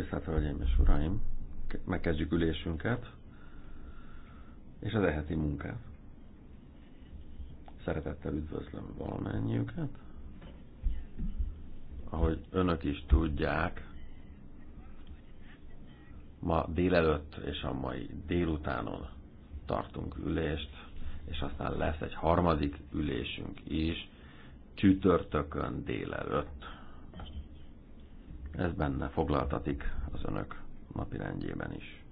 Tisztelt Hölgyeim és Uraim! Megkezdjük ülésünket és az eheti munkát. Szeretettel üdvözlöm valamennyiüket. Ahogy önök is tudják, ma délelőtt és a mai délutánon tartunk ülést, és aztán lesz egy harmadik ülésünk is csütörtökön délelőtt ez benne foglaltatik az önök napirendjében is.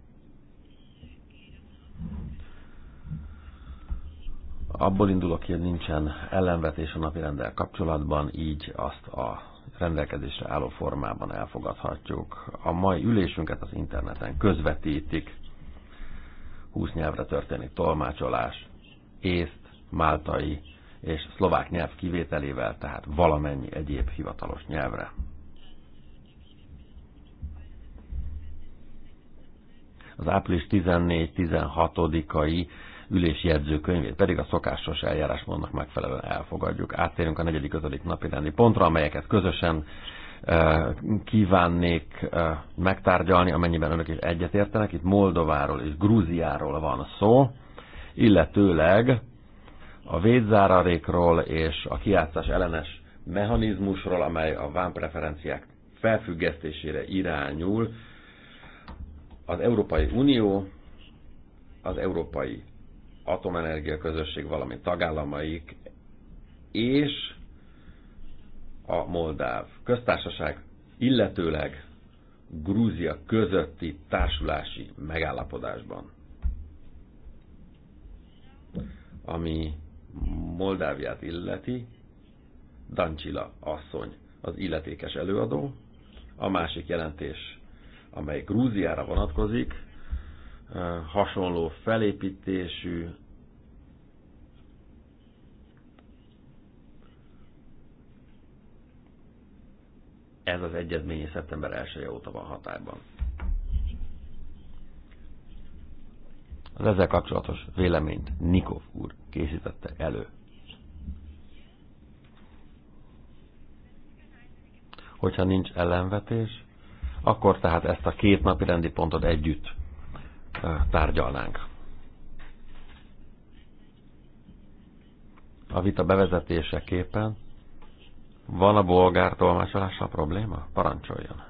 Abból indulok ki, hogy nincsen ellenvetés a rendel kapcsolatban, így azt a rendelkezésre álló formában elfogadhatjuk. A mai ülésünket az interneten közvetítik, 20 nyelvre történik tolmácsolás, észt, máltai és szlovák nyelv kivételével, tehát valamennyi egyéb hivatalos nyelvre. az április 14-16-ai ülés jegyzőkönyvét pedig a szokásos eljárásmódnak megfelelően elfogadjuk. Áttérünk a negyedik, ötödik napi rendi pontra, amelyeket közösen eh, kívánnék eh, megtárgyalni, amennyiben önök is egyetértenek. Itt Moldováról és Grúziáról van szó, illetőleg a védzárarékról és a kiátszás ellenes mechanizmusról, amely a vámpreferenciák felfüggesztésére irányul, az Európai Unió, az Európai Atomenergia Közösség, valamint tagállamaik és a Moldáv köztársaság, illetőleg Grúzia közötti társulási megállapodásban, ami Moldáviát illeti, Dancsila asszony az illetékes előadó, a másik jelentés amely Grúziára vonatkozik, hasonló felépítésű, ez az egyezmény szeptember 1 -e óta van hatályban. Az ezzel kapcsolatos véleményt Nikov úr készítette elő. Hogyha nincs ellenvetés, akkor tehát ezt a két napi rendi pontot együtt tárgyalnánk. A vita bevezetéseképpen van a bolgár tolmácsolással probléma? Parancsoljon!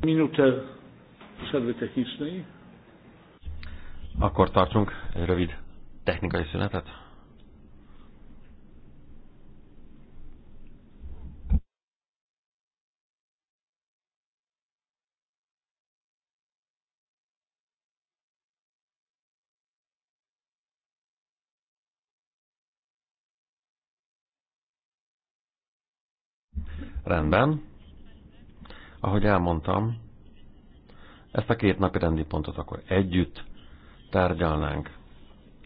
Minuta przerwy technicznej. Akkor tartsunk egy rövid technikai szünetet. Rendben. Ahogy elmondtam, ezt a két napi rendi pontot akkor együtt tárgyalnánk.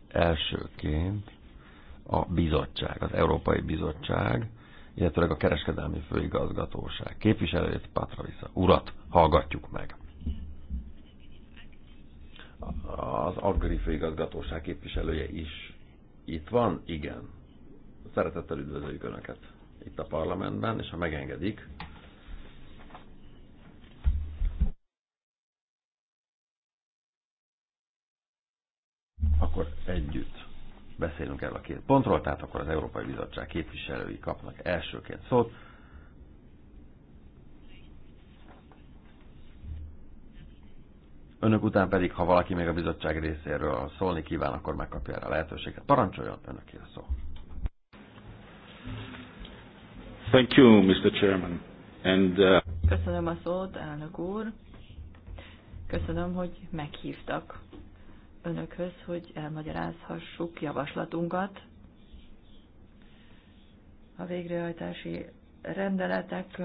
Elsőként a bizottság, az Európai Bizottság, illetőleg a kereskedelmi főigazgatóság képviselőjét, Patravisza urat hallgatjuk meg. Az Agri főigazgatóság képviselője is itt van? Igen. Szeretettel üdvözöljük Önöket itt a parlamentben, és ha megengedik, akkor együtt beszélünk erről a két pontról, tehát akkor az Európai Bizottság képviselői kapnak elsőként szót. Önök után pedig, ha valaki még a bizottság részéről szólni kíván, akkor megkapja erre a lehetőséget. Parancsoljon, önöké a szó. Thank you, Mr. Chairman. And, uh... Köszönöm a szót, elnök úr. Köszönöm, hogy meghívtak önökhöz, hogy elmagyarázhassuk javaslatunkat. A végrehajtási rendeletek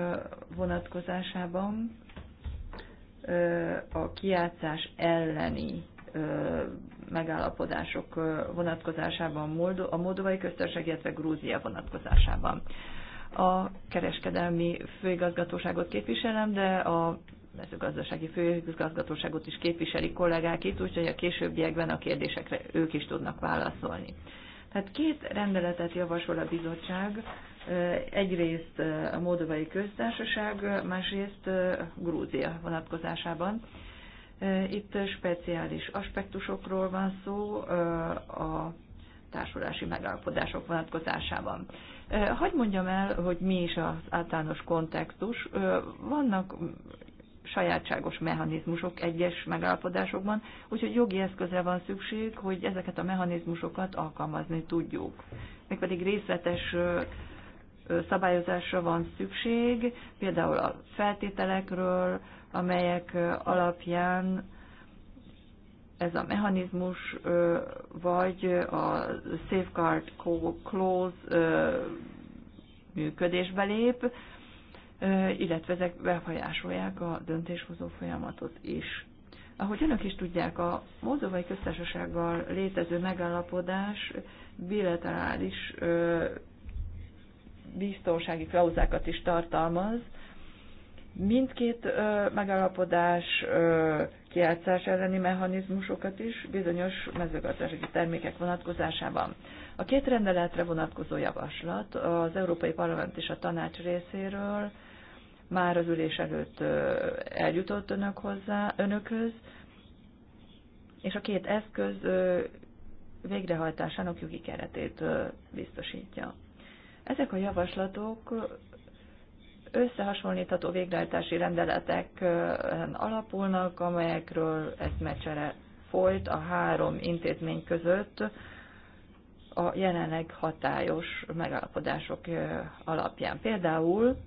vonatkozásában a kiátszás elleni megállapodások vonatkozásában a Moldovai Köztársaság, illetve Grúzia vonatkozásában. A kereskedelmi főigazgatóságot képviselem, de a mezőgazdasági főigazgatóságot is képviseli kollégák itt, úgyhogy a későbbiekben a kérdésekre ők is tudnak válaszolni. Tehát két rendeletet javasol a bizottság, egyrészt a Moldovai Köztársaság, másrészt Grúzia vonatkozásában. Itt speciális aspektusokról van szó a társulási megállapodások vonatkozásában. Hagy mondjam el, hogy mi is az általános kontextus. Vannak sajátságos mechanizmusok egyes megállapodásokban, úgyhogy jogi eszközre van szükség, hogy ezeket a mechanizmusokat alkalmazni tudjuk. Mégpedig részletes szabályozásra van szükség, például a feltételekről, amelyek alapján ez a mechanizmus vagy a Safeguard Clause működésbe lép, illetve ezek befolyásolják a döntéshozó folyamatot is. Ahogy önök is tudják, a Moldovai Köztársasággal létező megállapodás bilaterális biztonsági klauzákat is tartalmaz. Mindkét megállapodás kiátszás elleni mechanizmusokat is bizonyos mezőgazdasági termékek vonatkozásában. A két rendeletre vonatkozó javaslat az Európai Parlament és a Tanács részéről már az ülés előtt eljutott önök hozzá, önökhöz, és a két eszköz végrehajtásának jogi keretét biztosítja. Ezek a javaslatok összehasonlítható végrehajtási rendeletek alapulnak, amelyekről mecsere folyt a három intézmény között a jelenleg hatályos megállapodások alapján. Például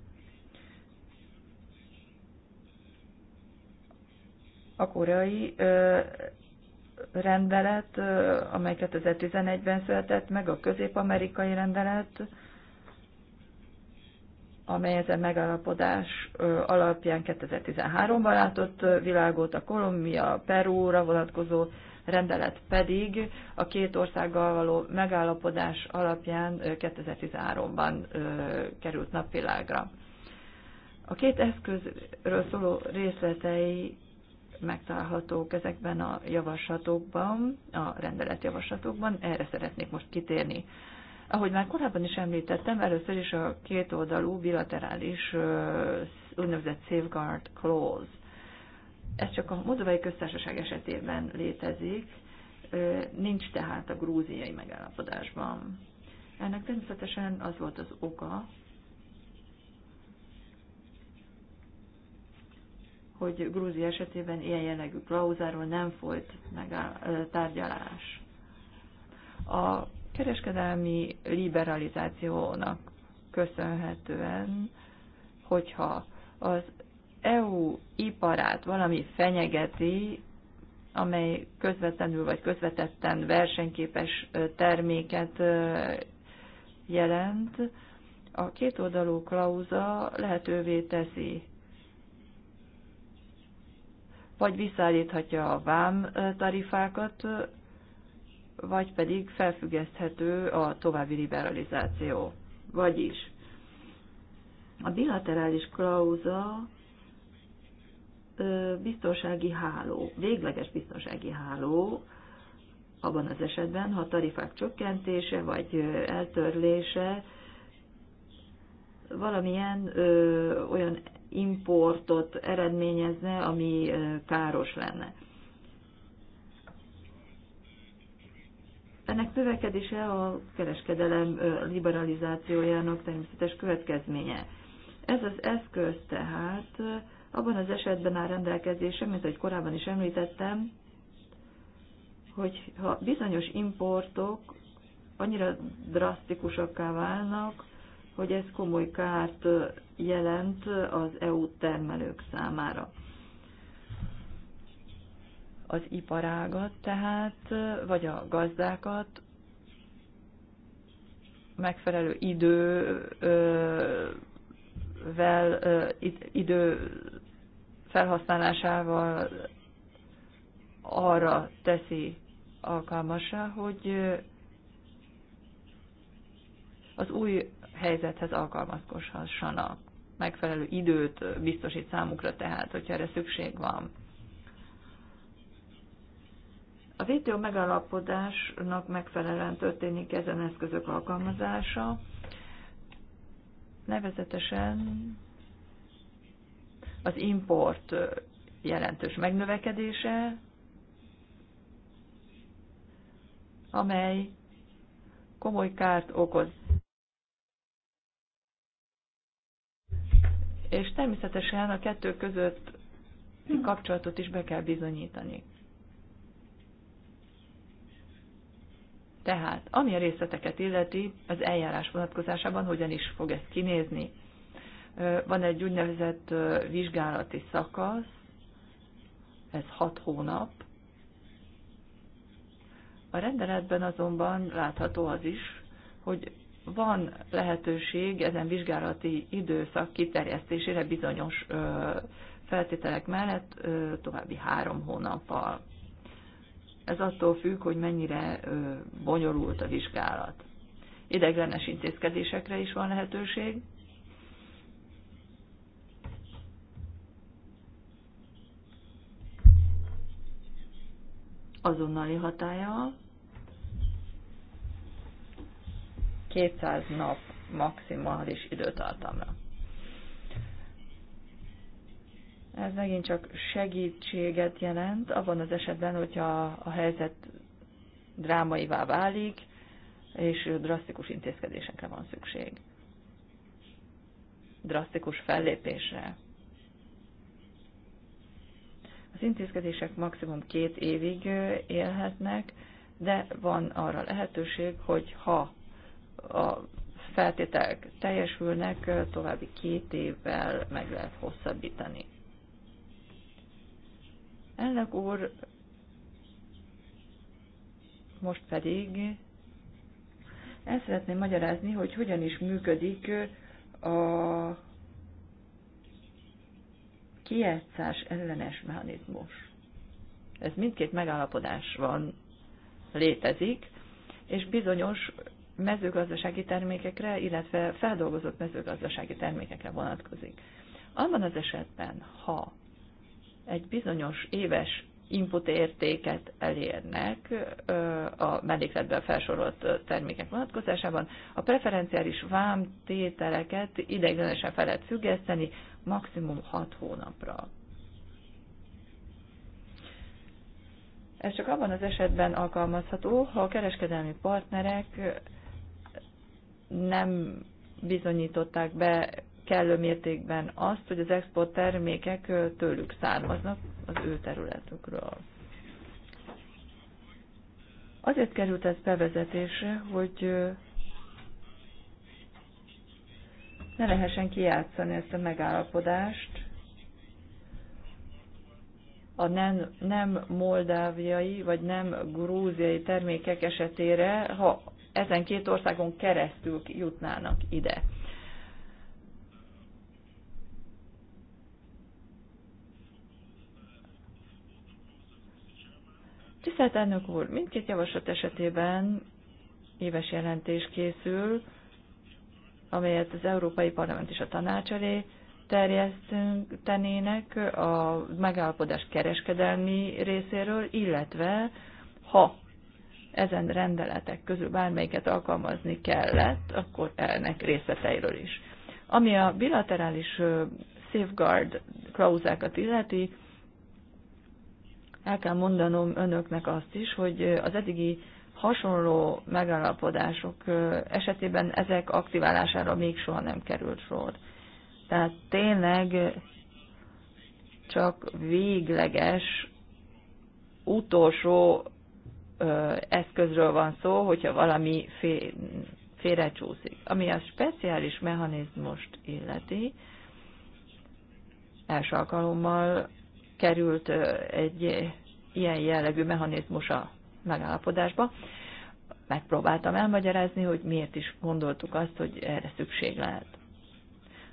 a koreai rendelet, amely 2011-ben született meg, a közép-amerikai rendelet, amely ezen megállapodás alapján 2013-ban látott világot, a Kolumbia, Perúra vonatkozó rendelet pedig a két országgal való megállapodás alapján 2013-ban került napvilágra. A két eszközről szóló részletei megtalálhatók ezekben a javaslatokban, a rendeletjavaslatokban. Erre szeretnék most kitérni. Ahogy már korábban is említettem, először is a kétoldalú bilaterális úgynevezett safeguard clause. Ez csak a Moldovai Köztársaság esetében létezik, nincs tehát a grúziai megállapodásban. Ennek természetesen az volt az oka, hogy Grúzia esetében ilyen jellegű klauzáról nem folyt megáll, tárgyalás. A kereskedelmi liberalizációnak köszönhetően, hogyha az EU iparát valami fenyegeti, amely közvetlenül vagy közvetetten versenyképes terméket jelent, a kétoldalú klauza lehetővé teszi vagy visszaállíthatja a vám tarifákat, vagy pedig felfüggeszthető a további liberalizáció. Vagyis a bilaterális klauza biztonsági háló, végleges biztonsági háló, abban az esetben, ha tarifák csökkentése vagy eltörlése valamilyen ö, olyan importot eredményezne, ami káros lenne. Ennek növekedése a kereskedelem liberalizációjának természetes következménye. Ez az eszköz tehát abban az esetben áll rendelkezésre, mint ahogy korábban is említettem, hogy ha bizonyos importok annyira drasztikusakká válnak, hogy ez komoly kárt jelent az EU termelők számára. Az iparágat tehát, vagy a gazdákat megfelelő idővel, idő felhasználásával arra teszi alkalmasá, hogy az új helyzethez alkalmazkodhassanak megfelelő időt biztosít számukra tehát, hogyha erre szükség van. A VTO megalapodásnak megfelelően történik ezen eszközök alkalmazása, nevezetesen az import jelentős megnövekedése, amely komoly kárt okoz és természetesen a kettő között kapcsolatot is be kell bizonyítani. Tehát, ami a részleteket illeti, az eljárás vonatkozásában hogyan is fog ez kinézni. Van egy úgynevezett vizsgálati szakasz, ez hat hónap. A rendeletben azonban látható az is, hogy van lehetőség ezen vizsgálati időszak kiterjesztésére bizonyos feltételek mellett további három hónappal. Ez attól függ, hogy mennyire bonyolult a vizsgálat. Ideglenes intézkedésekre is van lehetőség. Azonnali hatája 200 nap maximális időtartamra. Ez megint csak segítséget jelent abban az esetben, hogyha a helyzet drámaivá válik, és drasztikus intézkedésekre van szükség. Drasztikus fellépésre. Az intézkedések maximum két évig élhetnek, de van arra lehetőség, hogy ha a feltételek teljesülnek, további két évvel meg lehet hosszabbítani. Ennek úr, most pedig el szeretném magyarázni, hogy hogyan is működik a kijátszás ellenes mechanizmus. Ez mindkét megállapodás van létezik, és bizonyos mezőgazdasági termékekre, illetve feldolgozott mezőgazdasági termékekre vonatkozik. Abban az esetben, ha egy bizonyos éves input értéket elérnek a mellékletben felsorolt termékek vonatkozásában, a preferenciális vámtételeket ideiglenesen fel lehet függeszteni maximum 6 hónapra. Ez csak abban az esetben alkalmazható, ha a kereskedelmi partnerek nem bizonyították be kellő mértékben azt, hogy az export termékek tőlük származnak az ő területükről. Azért került ez bevezetésre, hogy ne lehessen kijátszani ezt a megállapodást a nem, nem moldáviai vagy nem grúziai termékek esetére, ha ezen két országon keresztül jutnának ide. Tisztelt elnök úr, mindkét javaslat esetében éves jelentés készül, amelyet az Európai Parlament és a Tanács elé terjesztenének a megállapodás kereskedelmi részéről, illetve ha ezen rendeletek közül bármelyiket alkalmazni kellett, akkor ennek részleteiről is. Ami a bilaterális safeguard klauzákat illeti, el kell mondanom önöknek azt is, hogy az eddigi hasonló megállapodások esetében ezek aktiválására még soha nem került sor. Tehát tényleg csak végleges, utolsó eszközről van szó, hogyha valami fé, félrecsúszik. Ami a speciális mechanizmust illeti, első alkalommal került egy ilyen jellegű mechanizmus a megállapodásba. Megpróbáltam elmagyarázni, hogy miért is gondoltuk azt, hogy erre szükség lehet.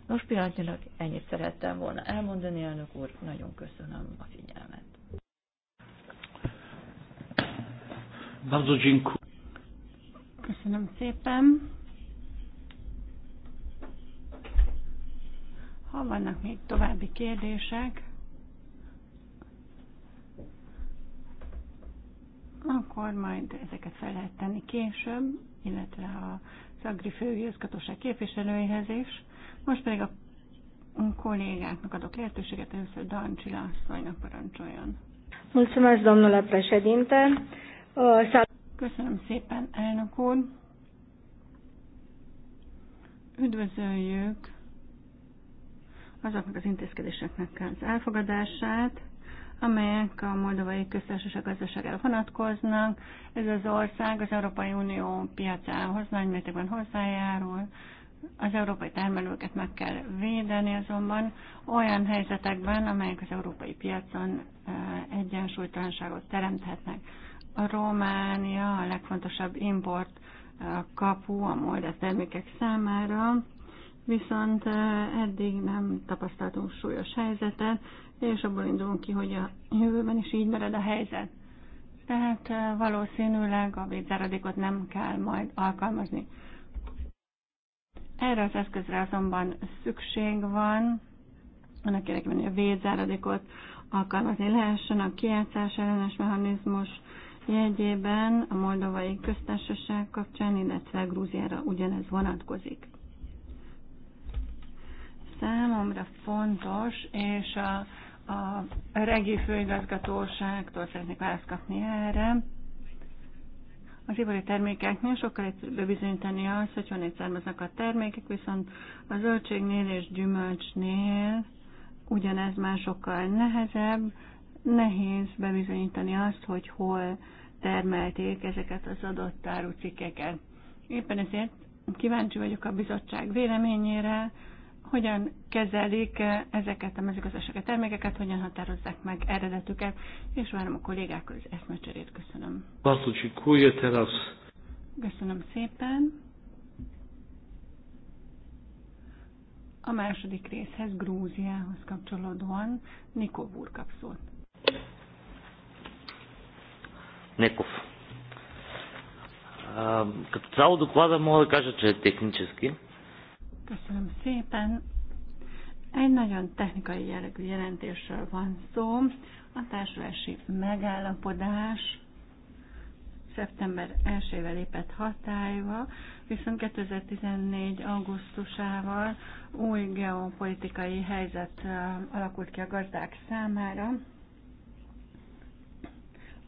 Nos, pillanatnyilag ennyit szerettem volna elmondani, elnök úr, nagyon köszönöm a figyelmet. Bardzo dziękuję. Köszönöm szépen. Ha vannak még további kérdések, akkor majd ezeket fel lehet tenni később, illetve a Szagri Főigazgatóság képviselőihez is. Most pedig a kollégáknak adok lehetőséget, először Dancsila asszonynak parancsoljon. Mulțumesc, domnule președinte. Köszönöm szépen, elnök úr. Üdvözöljük azoknak az intézkedéseknek az elfogadását, amelyek a moldovai köztársaság gazdaságára vonatkoznak. Ez az ország az Európai Unió piacához nagymértékben hozzájárul. Az európai termelőket meg kell védeni azonban olyan helyzetekben, amelyek az európai piacon egyensúlytalanságot teremthetnek. Románia a legfontosabb import eh, kapu a moldász termékek számára, viszont eh, eddig nem tapasztaltunk súlyos helyzetet, és abból indulunk ki, hogy a jövőben is így mered a helyzet. Tehát eh, valószínűleg a védzáradékot nem kell majd alkalmazni. Erre az eszközre azonban szükség van, annak érdekében, hogy a védzáradékot alkalmazni lehessen, a kiátszás ellenes mechanizmus, jegyében a Moldovai Köztársaság kapcsán, illetve Grúziára ugyanez vonatkozik. Számomra fontos, és a, a regi főigazgatóságtól szeretnék választ kapni erre, az ipari termékeknél sokkal egyszerűbb bizonyítani az, hogy honnét származnak a termékek, viszont a zöldségnél és gyümölcsnél ugyanez már sokkal nehezebb, Nehéz bebizonyítani azt, hogy hol termelték ezeket az adott árucikkeket. Éppen ezért kíváncsi vagyok a bizottság véleményére, hogyan kezelik ezeket a mezőgazdasági termékeket, hogyan határozzák meg eredetüket, és várom a az eszmecserét. Köszönöm. Köszönöm szépen. A második részhez, Grúziához kapcsolódóan Nikó Burkapszót. Неков. Като цяло доклада мога да кажа, че е технически. Köszönöm szépen. Egy nagyon technikai jellegű jelentésről van szó. A társulási megállapodás szeptember 1-ével lépett hatályba, viszont 2014. augusztusával új geopolitikai helyzet alakult ki a gazdák számára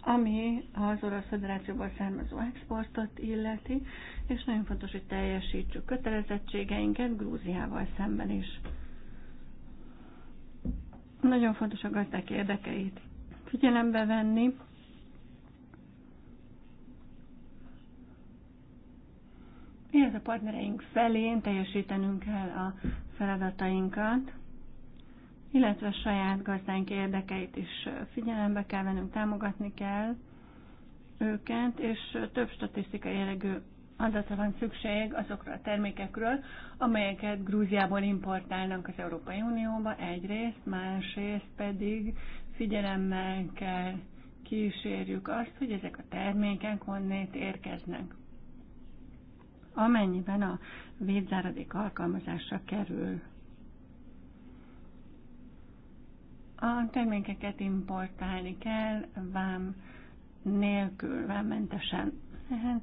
ami az Orosz Föderációból származó exportot illeti, és nagyon fontos, hogy teljesítsük kötelezettségeinket Grúziával szemben is. Nagyon fontos a gazdák érdekeit figyelembe venni, Ez a partnereink felé teljesítenünk kell a feladatainkat? illetve a saját gazdánk érdekeit is figyelembe kell vennünk, támogatni kell őket, és több statisztikai jellegű adatra van szükség azokra a termékekről, amelyeket Grúziából importálnak az Európai Unióba egyrészt, másrészt pedig figyelemmel kell kísérjük azt, hogy ezek a termékek honnét érkeznek. Amennyiben a védzáradék alkalmazásra kerül A termékeket importálni kell vám nélkül, vámmentesen. Tehát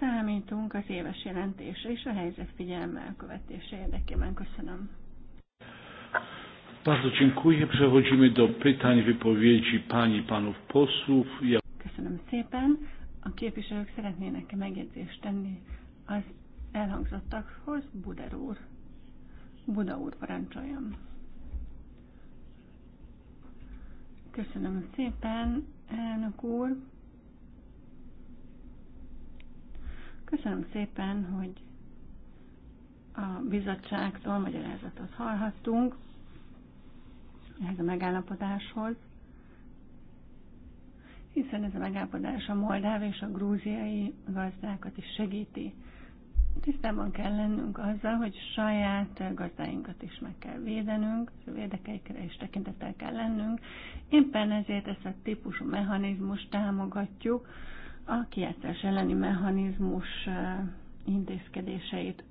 számítunk az éves jelentésre és a helyzet figyelme követése érdekében. Köszönöm. Bardzo dziękuję. Przechodzimy do pytań, wypowiedzi pani panów posłów. Ja... Köszönöm szépen. A képviselők szeretnének -e megjegyzést tenni az elhangzottakhoz. Buder úr. Buda úr, parancsoljon. Köszönöm szépen, elnök úr. Köszönöm szépen, hogy a bizottságtól magyarázatot hallhattunk ehhez a megállapodáshoz, hiszen ez a megállapodás a moldáv és a grúziai gazdákat is segíti. Tisztában kell lennünk azzal, hogy saját gazdáinkat is meg kell védenünk, az érdekeikre is tekintettel kell lennünk. Éppen ezért ezt a típusú mechanizmust támogatjuk, a kiátszás elleni mechanizmus eh, intézkedéseit.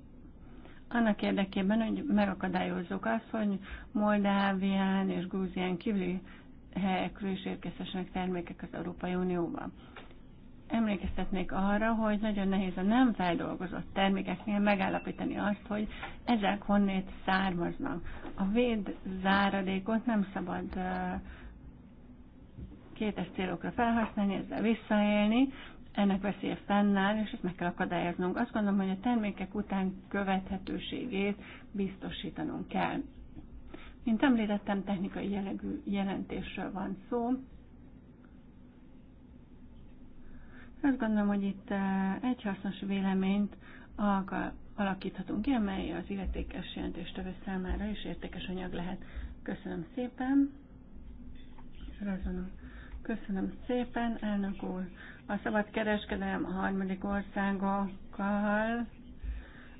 Annak érdekében, hogy megakadályozzuk azt, hogy Moldávián és Grúzián kívüli helyekről is érkezhessenek termékek az Európai Unióban emlékeztetnék arra, hogy nagyon nehéz a nem feldolgozott termékeknél megállapítani azt, hogy ezek honnét származnak. A véd záradékot nem szabad kétes célokra felhasználni, ezzel visszaélni, ennek veszélye fennáll, és ezt meg kell akadályoznunk. Azt gondolom, hogy a termékek után követhetőségét biztosítanunk kell. Mint említettem, technikai jellegű jelentésről van szó, Azt gondolom, hogy itt eh, egy hasznos véleményt alakíthatunk ki, amely az illetékes jelentéstevő számára is értékes anyag lehet. Köszönöm szépen. Razonom. Köszönöm szépen, elnök úr. A szabad kereskedelem a harmadik országokkal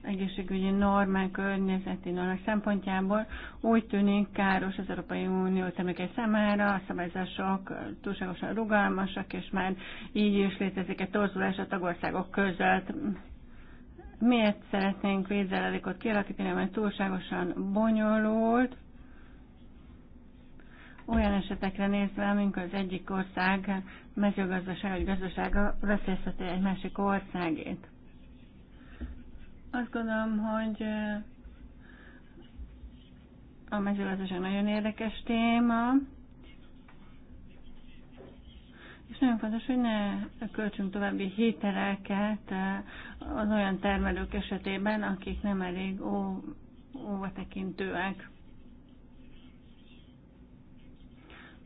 egészségügyi normák, környezeti normák szempontjából úgy tűnik káros az Európai Unió termékei számára, a szabályzások túlságosan rugalmasak, és már így is létezik egy torzulás a tagországok között. Miért szeretnénk védzeladékot kialakítani, mert túlságosan bonyolult, olyan esetekre nézve, amikor az egyik ország mezőgazdaság vagy gazdasága veszélyezteti egy másik országét. Azt gondolom, hogy a mezőgazdaság nagyon érdekes téma, és nagyon fontos, hogy ne költsünk további hitereket az olyan termelők esetében, akik nem elég óvatekintőek.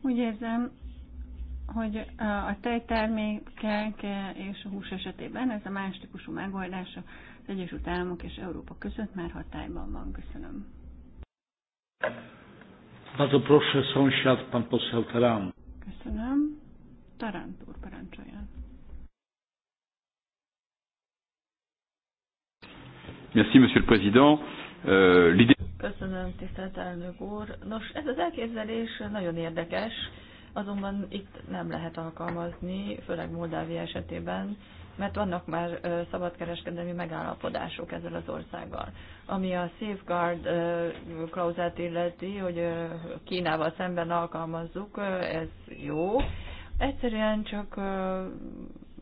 Úgy érzem, hogy a tejtermékek és a hús esetében ez a más típusú megoldása Egyesült Államok és Európa között már hatályban van. Köszönöm. Bardzo proszę, sąsiad, pan poseł Taran. Köszönöm. Tarant úr, parancsoljon. Merci, monsieur le président. Euh, Köszönöm, tisztelt elnök úr. Nos, ez az elképzelés nagyon érdekes, azonban itt nem lehet alkalmazni, főleg Moldávia esetében, mert vannak már szabadkereskedelmi megállapodások ezzel az országgal. Ami a safeguard klauzát illeti, hogy Kínával szemben alkalmazzuk, ez jó. Egyszerűen csak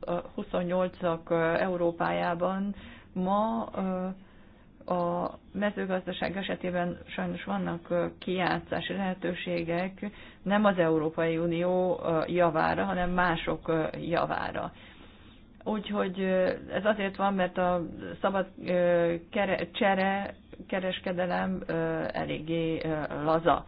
a 28-ak Európájában ma a mezőgazdaság esetében sajnos vannak kiátszási lehetőségek, nem az Európai Unió javára, hanem mások javára. Úgyhogy ez azért van, mert a szabad kere, csere, kereskedelem eléggé laza.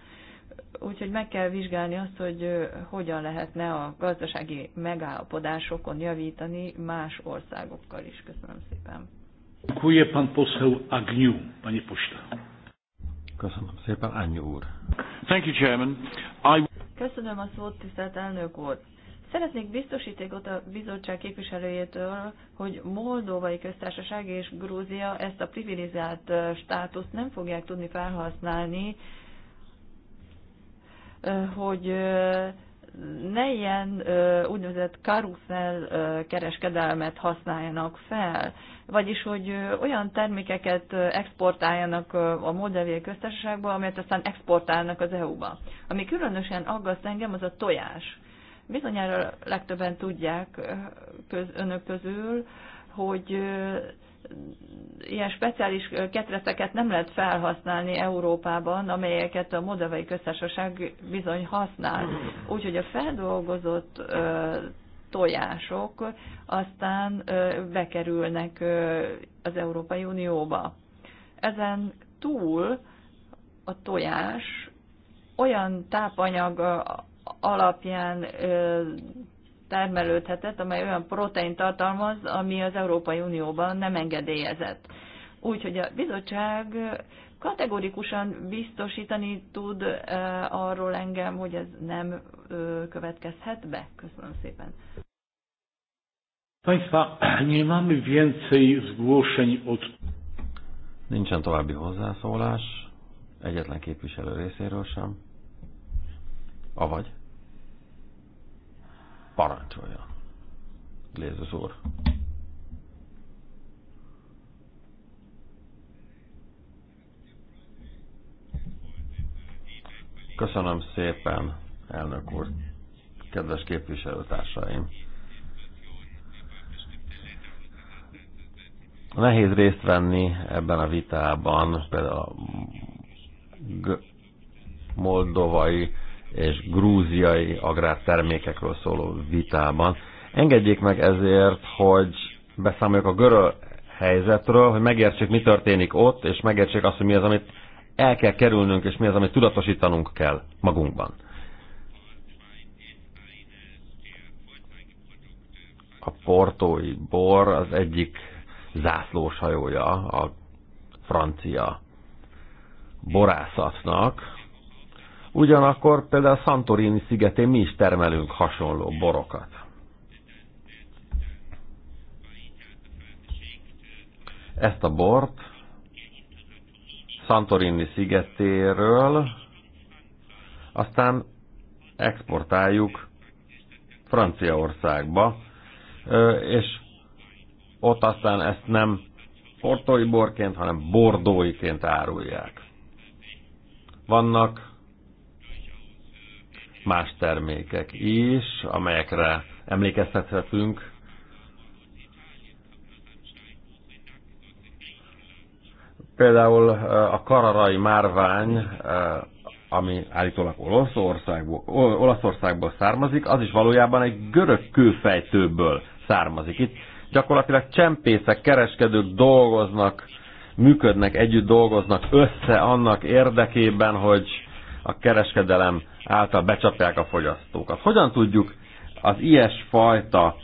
Úgyhogy meg kell vizsgálni azt, hogy hogyan lehetne a gazdasági megállapodásokon javítani más országokkal is. Köszönöm szépen. Dziękuję pan poseł Agniu, Köszönöm szépen, Agniu úr. Thank you, Chairman. I... Köszönöm a szót, tisztelt elnök úr. Szeretnék biztosítékot a bizottság képviselőjétől, hogy Moldovai Köztársaság és Grúzia ezt a privilizált státuszt nem fogják tudni felhasználni, hogy ne ilyen úgynevezett karuszel kereskedelmet használjanak fel, vagyis hogy olyan termékeket exportáljanak a Moldaviai köztársaságba, amelyet aztán exportálnak az EU-ba. Ami különösen aggaszt engem, az a tojás. Bizonyára legtöbben tudják köz, önök közül, hogy ilyen speciális ketreceket nem lehet felhasználni Európában, amelyeket a Moldavai Köztársaság bizony használ. Úgyhogy a feldolgozott tojások aztán bekerülnek az Európai Unióba. Ezen túl a tojás olyan tápanyag alapján termelődhetett, amely olyan protein tartalmaz, ami az Európai Unióban nem engedélyezett. Úgyhogy a bizottság kategorikusan biztosítani tud arról engem, hogy ez nem következhet be. Köszönöm szépen. Państwa, nie mamy więcej zgłoszeń od... Nincsen további hozzászólás, egyetlen képviselő részéről sem. Avagy? Parancsolja. Lézes úr. Köszönöm szépen, elnök úr, kedves képviselőtársaim. Nehéz részt venni ebben a vitában, például a moldovai és grúziai agrártermékekről szóló vitában. Engedjék meg ezért, hogy beszámoljak a görög helyzetről, hogy megértsék, mi történik ott, és megértsék azt, hogy mi az, amit el kell kerülnünk, és mi az, amit tudatosítanunk kell magunkban. A portói bor az egyik zászlóshajója a francia borászatnak, Ugyanakkor például Santorini szigetén mi is termelünk hasonló borokat. Ezt a bort Santorini szigetéről aztán exportáljuk Franciaországba, és ott aztán ezt nem portói borként, hanem bordóiként árulják. Vannak más termékek is, amelyekre emlékeztethetünk. Például eh, a kararai márvány, eh, ami állítólag Olaszországból, Olaszországból származik, az is valójában egy görög kőfejtőből származik. Itt gyakorlatilag csempészek, kereskedők dolgoznak, működnek, együtt dolgoznak össze annak érdekében, hogy a kereskedelem által becsapják a fogyasztókat. Hogyan tudjuk az ilyesfajta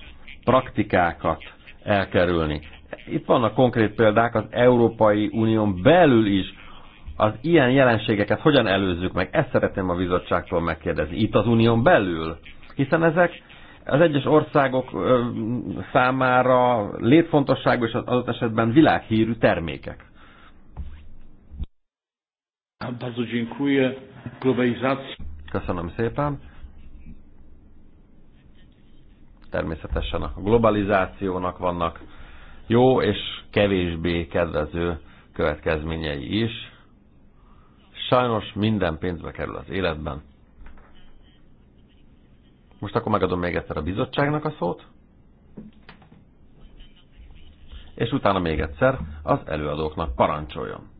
praktikákat elkerülni? Itt vannak konkrét példák az Európai Unión belül is, az ilyen jelenségeket hogyan előzzük meg? Ezt szeretném a bizottságtól megkérdezni. Itt az unión belül. Hiszen ezek az egyes országok számára létfontosságú és az adott esetben világhírű termékek. Bardzo dziękuję. Köszönöm szépen. Természetesen a globalizációnak vannak jó és kevésbé kedvező következményei is. Sajnos minden pénzbe kerül az életben. Most akkor megadom még egyszer a bizottságnak a szót, és utána még egyszer az előadóknak parancsoljon.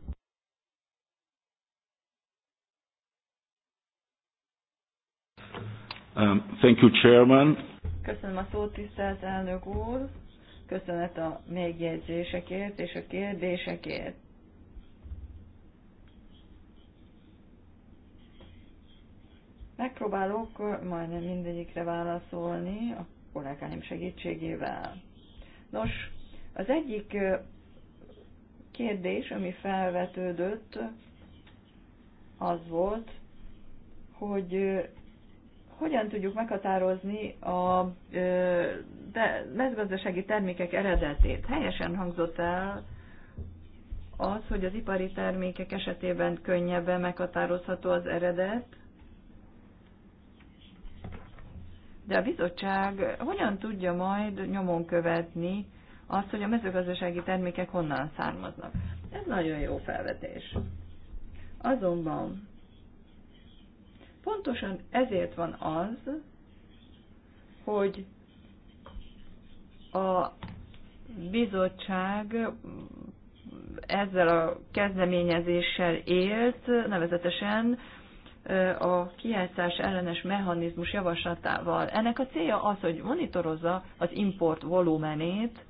Um, thank you, Chairman. Köszönöm a szót, tisztelt elnök úr. Köszönet a megjegyzésekért és a kérdésekért. Megpróbálok majdnem mindegyikre válaszolni a kollégáim segítségével. Nos, az egyik kérdés, ami felvetődött, az volt, hogy hogyan tudjuk meghatározni a mezőgazdasági termékek eredetét. Helyesen hangzott el az, hogy az ipari termékek esetében könnyebben meghatározható az eredet, de a bizottság hogyan tudja majd nyomon követni azt, hogy a mezőgazdasági termékek honnan származnak. Ez nagyon jó felvetés. Azonban Pontosan ezért van az, hogy a bizottság ezzel a kezdeményezéssel élt, nevezetesen a kijátszás ellenes mechanizmus javaslatával. Ennek a célja az, hogy monitorozza az import volumenét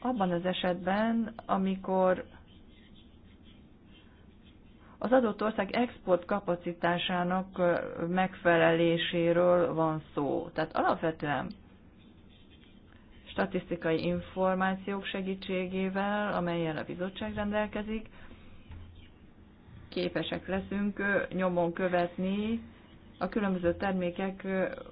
abban az esetben, amikor az adott ország export kapacitásának megfeleléséről van szó. Tehát alapvetően statisztikai információk segítségével, amelyen a bizottság rendelkezik, képesek leszünk nyomon követni a különböző termékek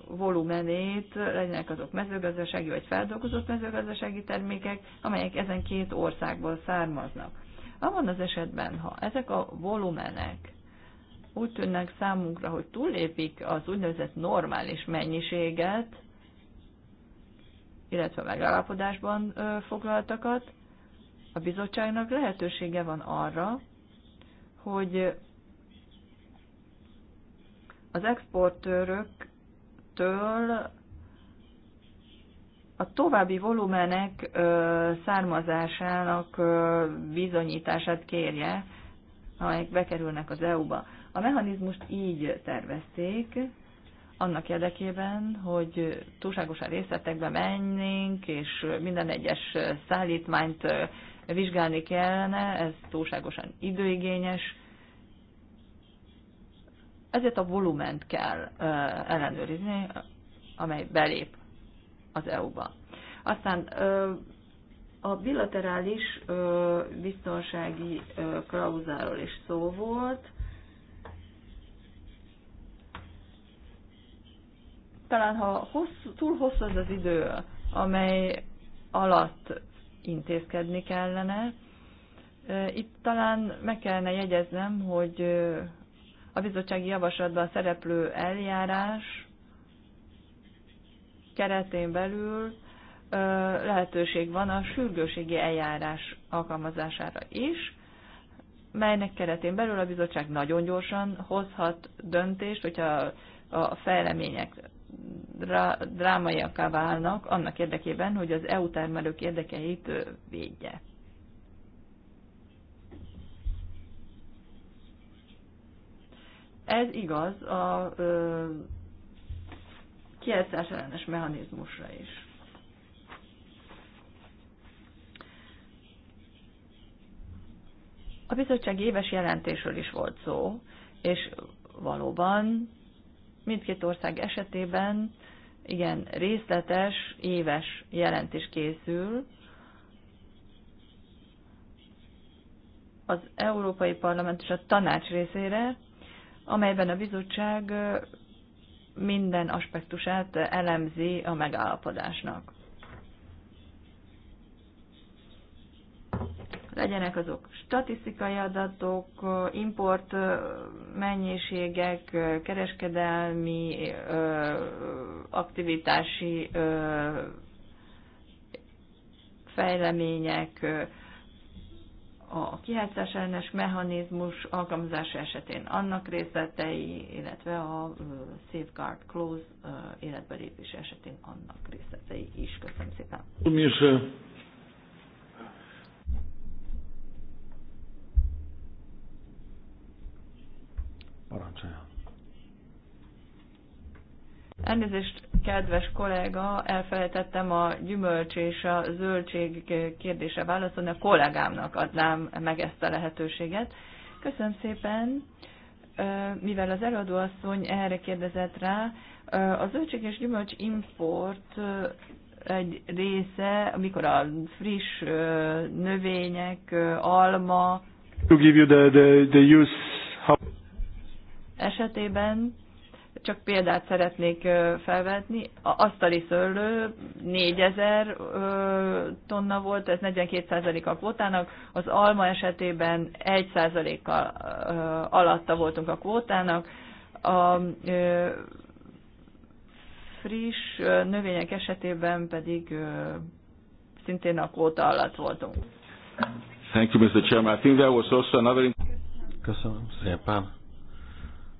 volumenét, legyenek azok mezőgazdasági vagy feldolgozott mezőgazdasági termékek, amelyek ezen két országból származnak. Abban az esetben, ha ezek a volumenek úgy tűnnek számunkra, hogy túllépik az úgynevezett normális mennyiséget, illetve megállapodásban foglaltakat, a bizottságnak lehetősége van arra, hogy az exportőröktől a további volumenek ö, származásának ö, bizonyítását kérje, amelyek bekerülnek az EU-ba. A mechanizmust így tervezték, annak érdekében, hogy túlságosan részletekbe mennénk, és minden egyes szállítmányt vizsgálni kellene, ez túlságosan időigényes, ezért a volument kell ellenőrizni, amely belép az EU-ba. Aztán a bilaterális biztonsági klauzáról is szó volt. Talán ha hosszú, túl hosszú az az idő, amely alatt intézkedni kellene, itt talán meg kellene jegyeznem, hogy a bizottsági javaslatban szereplő eljárás keretén belül lehetőség van a sürgőségi eljárás alkalmazására is, melynek keretén belül a bizottság nagyon gyorsan hozhat döntést, hogyha a fejlemények drámaiakká válnak, annak érdekében, hogy az EU termelők érdekeit védje. Ez igaz a kiátszás ellenes mechanizmusra is. A bizottság éves jelentésről is volt szó, és valóban mindkét ország esetében igen, részletes, éves jelentés készül. Az Európai Parlament és a Tanács részére, amelyben a bizottság minden aspektusát elemzi a megállapodásnak. Legyenek azok statisztikai adatok, import mennyiségek, kereskedelmi aktivitási fejlemények, a kijátszás ellenes mechanizmus alkalmazása esetén annak részletei, illetve a Safeguard Clause lépés esetén annak részletei is. Köszönöm szépen. És, Parancsoljon. Elnézést, kedves kollega, elfelejtettem a gyümölcs és a zöldség kérdése válaszolni, a kollégámnak adnám meg ezt a lehetőséget. Köszönöm szépen, mivel az előadóasszony erre kérdezett rá, a zöldség és gyümölcs import egy része, amikor a friss növények, alma, to give you the, the, the use esetében csak példát szeretnék felvetni. A asztali szőlő 4000 tonna volt, ez 42% a kvótának, az alma esetében 1%-kal alatta voltunk a kvótának. A friss növények esetében pedig szintén a kvóta alatt voltunk. Thank you, Mr. Chairman. I think there was also another... Köszönöm szépen.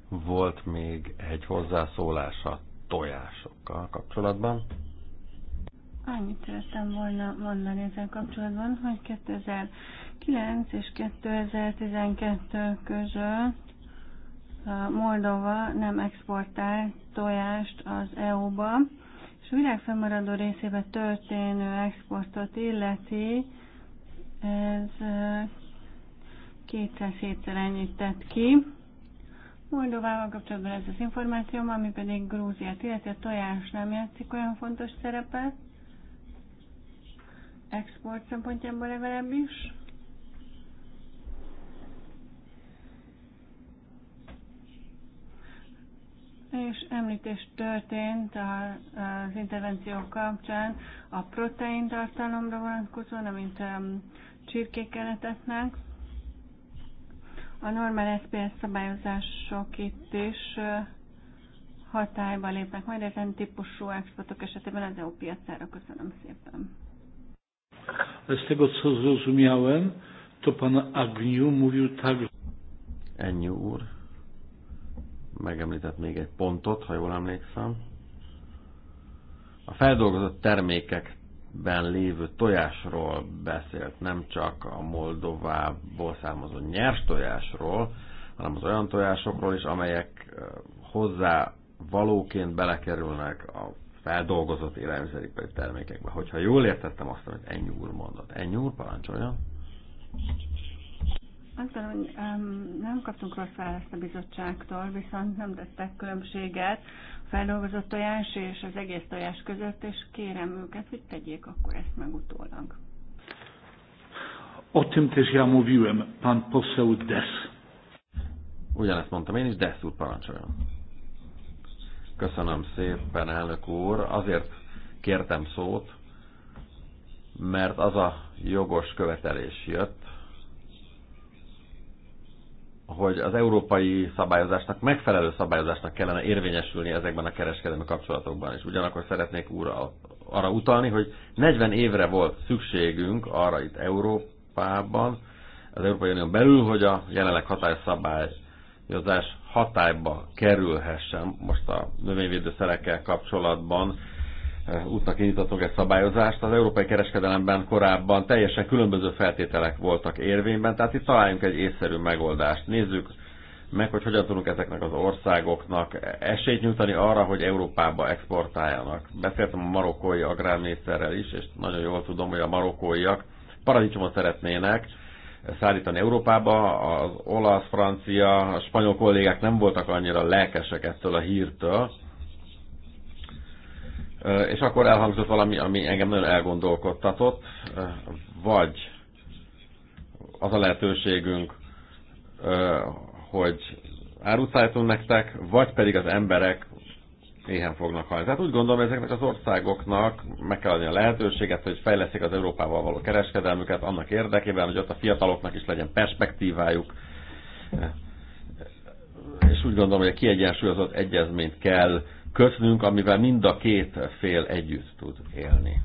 Volt még egy hozzászólása tojásokkal kapcsolatban. Annyit szerettem volna mondani ezzel kapcsolatban, hogy 2009 és 2012 között Moldova nem exportál tojást az EU-ba, és a világ fennmaradó részében történő exportot illeti, ez 207-szer ennyit tett ki. Moldovával kapcsolatban ez az információm, ami pedig Grúziát illetve a tojás nem játszik olyan fontos szerepet, export szempontjából legalábbis. És említés történt az intervenció kapcsán a protein tartalomra vonatkozóan, amint um, csirkéket etetnek. A normál SPS szabályozások itt is hatályba lépnek majd ezen típusú exportok esetében az EU piacára. Köszönöm szépen. Z tego co zrozumiałem, to pan Agnew mówił tak. Ennyi úr. Megemlített még egy pontot, ha jól emlékszem. A feldolgozott termékek ben lévő tojásról beszélt, nem csak a Moldovából származó nyers tojásról, hanem az olyan tojásokról is, amelyek hozzá valóként belekerülnek a feldolgozott élelmiszeripari termékekbe. Hogyha jól értettem azt, amit Ennyi úr mondott. Ennyi úr, parancsoljon! Azt gondolom, hogy um, nem kaptunk rossz választ a bizottságtól, viszont nem tettek különbséget feldolgozott tojás és az egész tojás között, és kérem őket, hogy tegyék akkor ezt meg utólag. O tym też ja mówiłem, pan poseł Des. Ugyanezt mondtam én is, Des úr parancsolja. Köszönöm szépen, elnök úr. Azért kértem szót, mert az a jogos követelés jött, hogy az európai szabályozásnak, megfelelő szabályozásnak kellene érvényesülni ezekben a kereskedelmi kapcsolatokban is. Ugyanakkor szeretnék úr arra utalni, hogy 40 évre volt szükségünk arra itt Európában, az Európai Unión belül, hogy a jelenleg hatályos szabályozás hatályba kerülhessen most a növényvédőszerekkel kapcsolatban Eh, útnak indítottunk egy szabályozást. Az európai kereskedelemben korábban teljesen különböző feltételek voltak érvényben, tehát itt találjunk egy észszerű megoldást. Nézzük meg, hogy hogyan tudunk ezeknek az országoknak esélyt nyújtani arra, hogy Európába exportáljanak. Beszéltem a marokkói agrárminiszterrel is, és nagyon jól tudom, hogy a marokkóiak paradicsomot szeretnének szállítani Európába. Az olasz, francia, a spanyol kollégák nem voltak annyira lelkesek ettől a hírtől, és akkor elhangzott valami, ami engem nagyon elgondolkodtatott, vagy az a lehetőségünk, hogy árucájtunk nektek, vagy pedig az emberek éhen fognak halni. Tehát úgy gondolom, ezeknek az országoknak meg kell adni a lehetőséget, hogy fejleszik az Európával való kereskedelmüket annak érdekében, hogy ott a fiataloknak is legyen perspektívájuk. És úgy gondolom, hogy a kiegyensúlyozott egyezményt kell kötnünk, amivel mind a két fél együtt tud élni.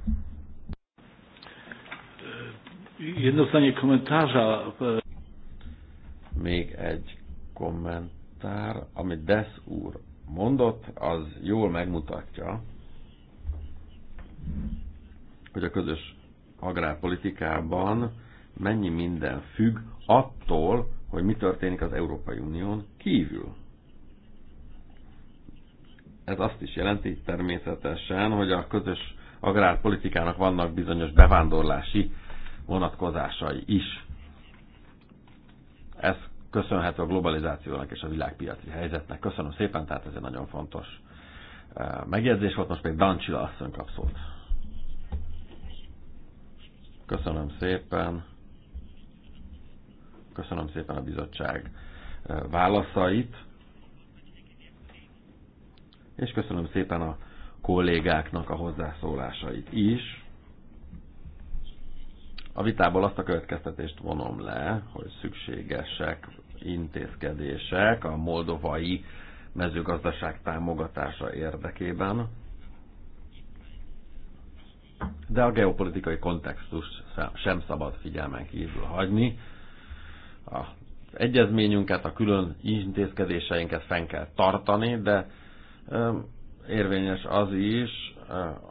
E, Még egy kommentár, amit Desz úr mondott, az jól megmutatja, hogy a közös agrárpolitikában mennyi minden függ attól, hogy mi történik az Európai Unión kívül. Ez azt is jelenti természetesen, hogy a közös agrárpolitikának vannak bizonyos bevándorlási vonatkozásai is. Ez köszönhető a globalizációnak és a világpiaci helyzetnek. Köszönöm szépen, tehát ez egy nagyon fontos eh, megjegyzés volt. Most még Dancsila asszony kap szót. Köszönöm szépen. Köszönöm szépen a bizottság eh, válaszait és köszönöm szépen a kollégáknak a hozzászólásait is. A vitából azt a következtetést vonom le, hogy szükségesek intézkedések a moldovai mezőgazdaság támogatása érdekében, de a geopolitikai kontextus sem szabad figyelmen kívül hagyni. A egyezményünket, a külön intézkedéseinket fenn kell tartani, de Érvényes az is,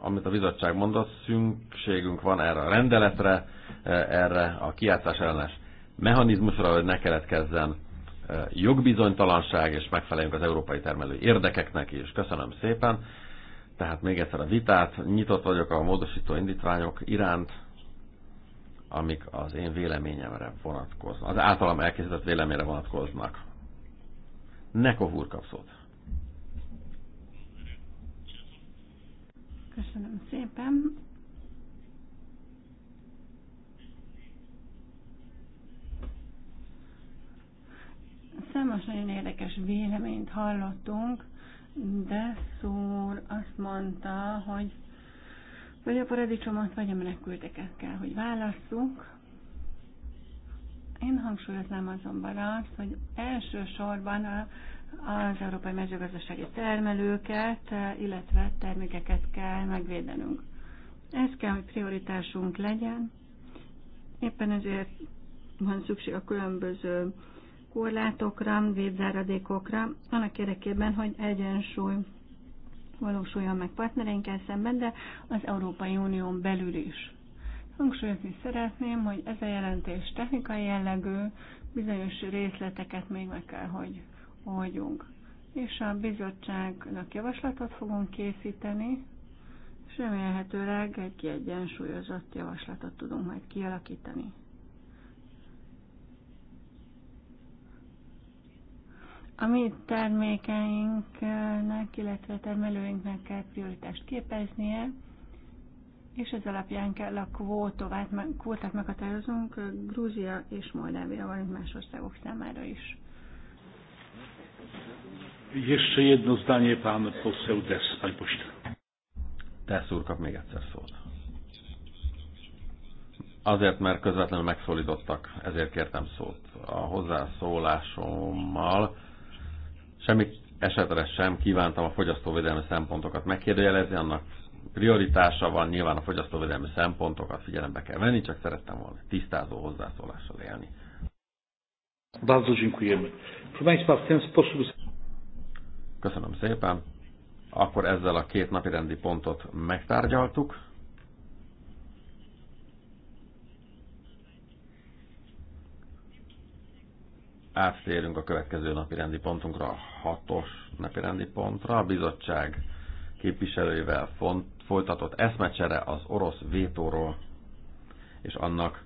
amit a bizottság mondott, szükségünk van erre a rendeletre, erre a kiátszás ellenes mechanizmusra, hogy ne keletkezzen jogbizonytalanság, és megfeleljünk az európai termelő érdekeknek is. Köszönöm szépen. Tehát még egyszer a vitát, nyitott vagyok a módosító indítványok iránt, amik az én véleményemre vonatkoznak, az általam elkészített véleményre vonatkoznak. Ne úr Köszönöm szépen. Számos nagyon érdekes véleményt hallottunk, de Szúr azt mondta, hogy vagy a paradicsomot, vagy a menekülteket kell, hogy válasszuk. Én hangsúlyoznám azonban azt, hogy elsősorban a az európai mezőgazdasági termelőket, illetve termékeket kell megvédenünk. Ez kell, hogy prioritásunk legyen. Éppen ezért van szükség a különböző korlátokra, védzáradékokra, annak érdekében, hogy egyensúly valósuljon meg partnereinkkel szemben, de az Európai Unión belül is. Hangsúlyozni szeretném, hogy ez a jelentés technikai jellegű, bizonyos részleteket még meg kell, hogy oldjunk. És a bizottságnak javaslatot fogunk készíteni, és remélhetőleg egy kiegyensúlyozott javaslatot tudunk majd kialakítani. A mi termékeinknek, illetve termelőinknek kell prioritást képeznie, és ez alapján kell a kvótovát, kvótát meghatározunk Grúzia és Moldávia, valamint más országok számára is. Jeszcze jedno zdanie pan poseł Des, panie pośle. Des úr kap még egyszer szót. Azért, mert közvetlenül megszólítottak, ezért kértem szót. A hozzászólásommal semmi esetre sem kívántam a fogyasztóvédelmi szempontokat megkérdőjelezni, annak prioritása van, nyilván a fogyasztóvédelmi szempontokat figyelembe kell venni, csak szerettem volna tisztázó hozzászólással élni. Bardzo dziękujemy. Proszę Państwa, w ten sposób Köszönöm szépen. Akkor ezzel a két napi rendi pontot megtárgyaltuk. áttérünk a következő napi rendi pontunkra, a hatos napi rendi pontra. A bizottság képviselőivel font, folytatott eszmecsere az orosz vétóról és annak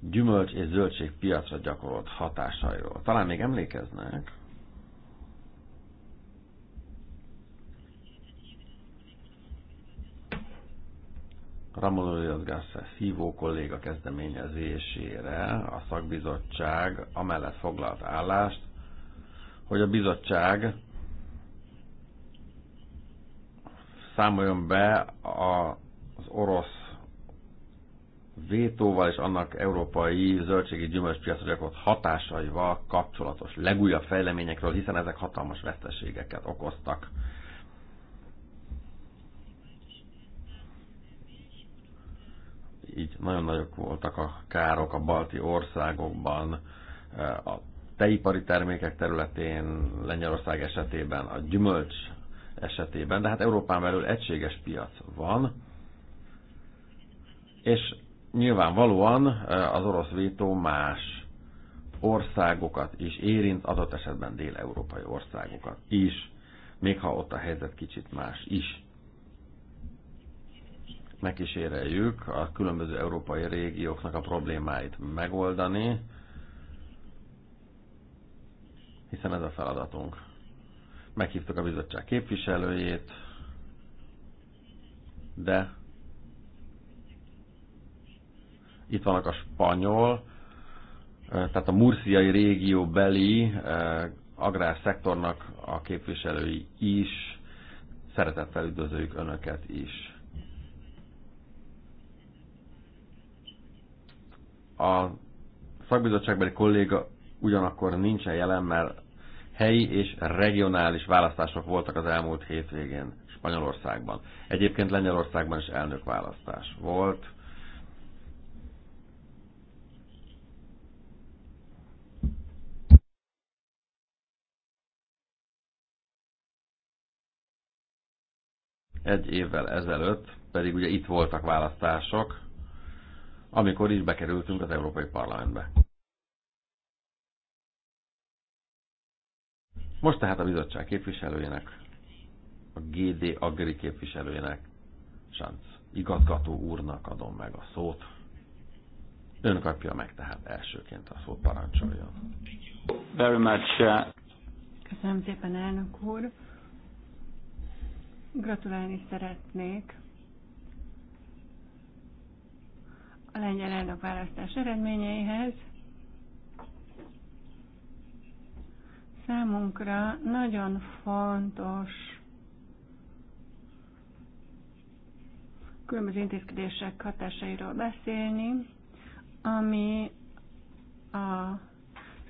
gyümölcs és zöldség piacra gyakorolt hatásairól. Talán még emlékeznek, Ramon Urias Garces hívó kolléga kezdeményezésére a szakbizottság amellett foglalt állást, hogy a bizottság számoljon be az orosz vétóval és annak európai zöldségi gyümölcspiacokat hatásaival kapcsolatos legújabb fejleményekről, hiszen ezek hatalmas veszteségeket okoztak így nagyon nagyok voltak a károk a balti országokban, e, a teipari termékek területén, Lengyelország esetében, a gyümölcs esetében, de hát Európán belül egységes piac van, és nyilvánvalóan e, az orosz vétó más országokat is érint, adott esetben dél-európai országokat is, még ha ott a helyzet kicsit más is megkíséreljük a különböző európai régióknak a problémáit megoldani, hiszen ez a feladatunk. Meghívtuk a bizottság képviselőjét, de itt vannak a spanyol, tehát a murciai régió beli agrárszektornak a képviselői is. Szeretettel üdvözöljük Önöket is. A szakbizottságbeli kolléga ugyanakkor nincsen jelen, mert helyi és regionális választások voltak az elmúlt hétvégén Spanyolországban. Egyébként Lengyelországban is elnökválasztás volt. Egy évvel ezelőtt pedig ugye itt voltak választások, amikor is bekerültünk az Európai Parlamentbe. Most tehát a bizottság képviselőjének, a GD Agri képviselőjének, Sanc igazgató úrnak adom meg a szót. Ön kapja meg tehát elsőként a szót, parancsoljon. Very much. Uh, Köszönöm szépen, elnök úr. Gratulálni szeretnék a lengyel választás eredményeihez. Számunkra nagyon fontos különböző intézkedések hatásairól beszélni, ami a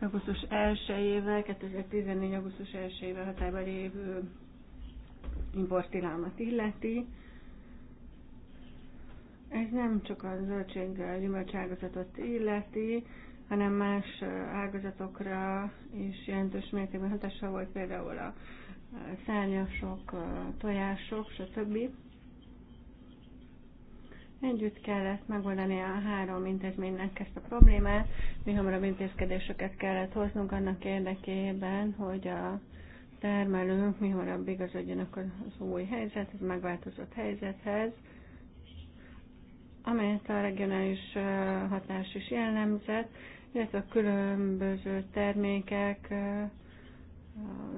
augusztus 1-ével, 2014. augusztus 1-ével hatályba lévő importilámat illeti. Ez nem csak a zöldség gyümölcságazatot illeti, hanem más ágazatokra is jelentős mértékben hatással volt például a szárnyasok, a tojások, stb. Együtt kellett megoldani a három intézménynek ezt a problémát, mi hamarabb intézkedéseket kellett hoznunk annak érdekében, hogy a termelőnk mi hamarabb igazodjanak az új helyzethez, megváltozott helyzethez, amelyet a regionális hatás is jellemzett, illetve a különböző termékek,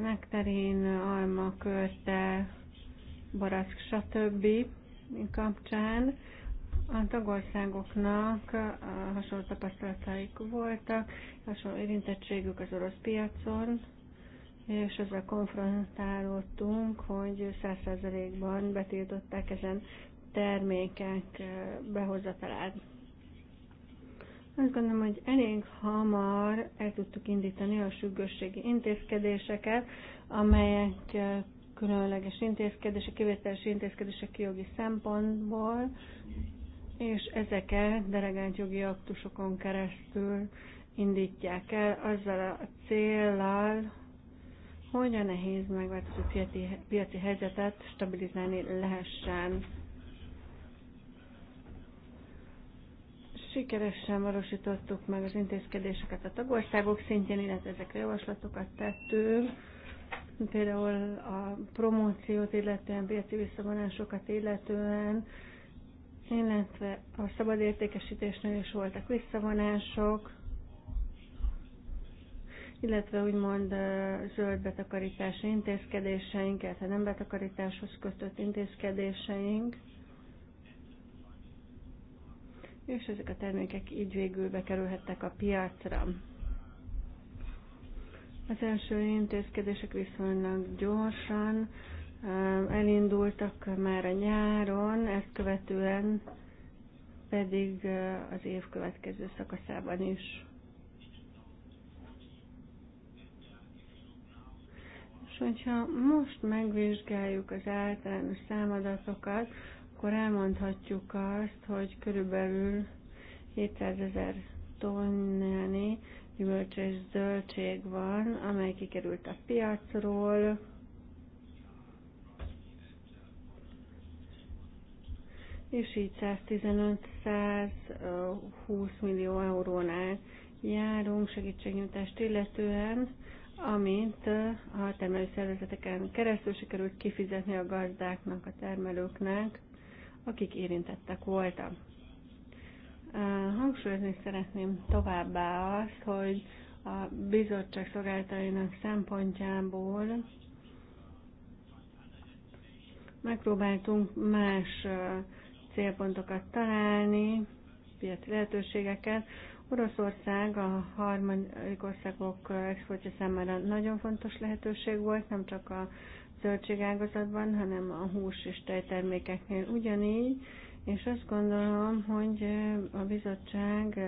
nektarin, alma, körte, barack, stb. kapcsán a tagországoknak hasonló tapasztalataik voltak, hasonló érintettségük az orosz piacon, és ezzel konfrontálódtunk, hogy 100%-ban betiltották ezen termékek eh, behozatalát. Azt gondolom, hogy elég hamar el tudtuk indítani a sürgősségi intézkedéseket, amelyek eh, különleges intézkedések, kivételes intézkedések jogi szempontból, és ezeket delegált jogi aktusokon keresztül indítják el azzal a céllal, hogy a nehéz megváltozó piaci, piaci helyzetet stabilizálni lehessen. sikeresen valósítottuk meg az intézkedéseket a tagországok szintjén, illetve ezekre javaslatokat tettünk, például a promóciót, illetően piaci visszavonásokat illetően, illetve a szabad értékesítésnél is voltak visszavonások, illetve úgymond zöld betakarítási intézkedéseink, illetve nem betakarításhoz kötött intézkedéseink és ezek a termékek így végül bekerülhettek a piacra. Az első intézkedések viszonylag gyorsan elindultak már a nyáron, ezt követően pedig az év következő szakaszában is. És hogyha most megvizsgáljuk az általános számadatokat, akkor elmondhatjuk azt, hogy körülbelül 700 ezer tonnányi gyümölcs és zöldség van, amely kikerült a piacról, és így 115-120 millió eurónál járunk segítségnyújtást illetően, amit a termelőszervezeteken keresztül sikerült kifizetni a gazdáknak, a termelőknek akik érintettek voltak. Hangsúlyozni szeretném továbbá azt, hogy a bizottság szolgálatainak szempontjából megpróbáltunk más célpontokat találni, piaci lehetőségeket. Oroszország a harmadik országok exportja számára nagyon fontos lehetőség volt, nem csak a zöldségágazatban, hanem a hús és tejtermékeknél ugyanígy, és azt gondolom, hogy a bizottság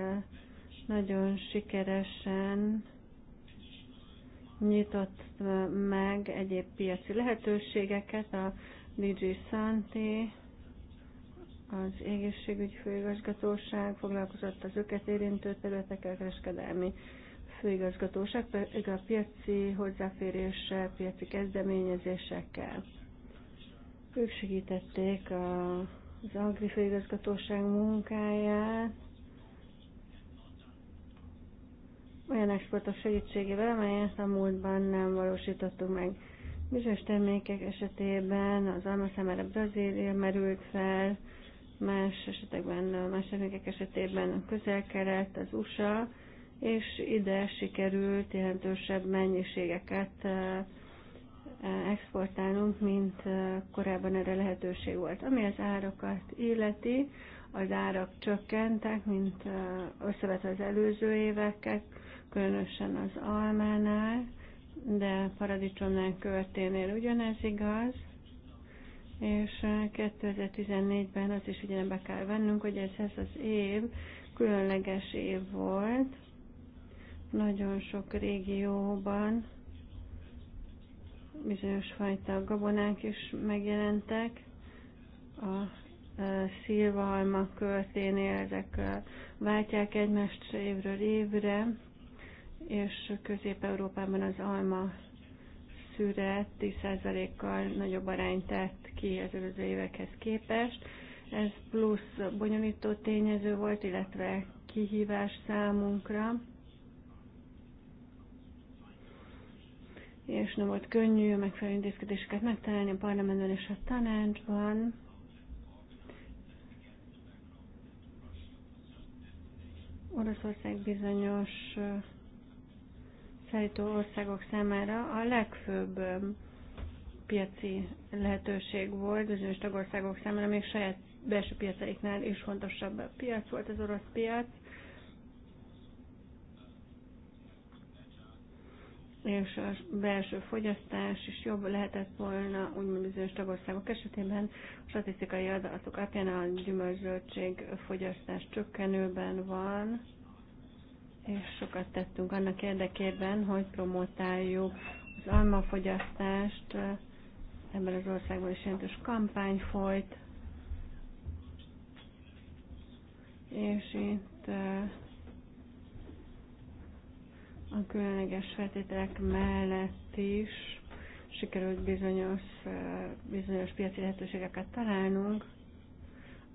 nagyon sikeresen nyitott meg egyéb piaci lehetőségeket, a DG Santé, az egészségügyi főigazgatóság foglalkozott az őket érintő területekkel, kereskedelmi főigazgatóság pedig a piaci hozzáféréssel, piaci kezdeményezésekkel. Ők segítették a, az Agri főigazgatóság munkáját, olyan exportok segítségével, amelyet a múltban nem valósítottuk meg. Bizonyos termékek esetében az alma számára Brazília merült fel, más esetekben, más termékek esetében a közel-kelet, az USA, és ide sikerült jelentősebb mennyiségeket eh, eh, exportálnunk, mint eh, korábban erre lehetőség volt. Ami az árakat illeti, az árak csökkentek, mint összevetve az előző éveket, különösen az almánál, de paradicsomnál körténél ugyanez igaz, és 2014-ben az is figyelembe kell vennünk, hogy ez, ez az év különleges év volt, nagyon sok régióban bizonyos fajta gabonák is megjelentek. A e, szilvahalmak körténél ezek e, váltják egymást évről évre, és Közép-Európában az alma szüret 10%-kal nagyobb arányt tett ki az előző évekhez képest. Ez plusz bonyolító tényező volt, illetve kihívás számunkra. és nem volt könnyű a megfelelő intézkedéseket megtalálni a parlamentben és a tanácsban. Oroszország bizonyos szállító országok számára a legfőbb piaci lehetőség volt, bizonyos tagországok számára még saját belső piacaiknál is fontosabb piac volt az orosz piac. és a belső fogyasztás is jobb lehetett volna, úgymond bizonyos tagországok esetében. A statisztikai adatok alapján a gyümölcsöltség fogyasztás csökkenőben van, és sokat tettünk annak érdekében, hogy promotáljuk az almafogyasztást, ebben az országban is jelentős kampány folyt, és itt a különleges feltételek mellett is sikerült bizonyos, bizonyos piaci lehetőségeket találnunk,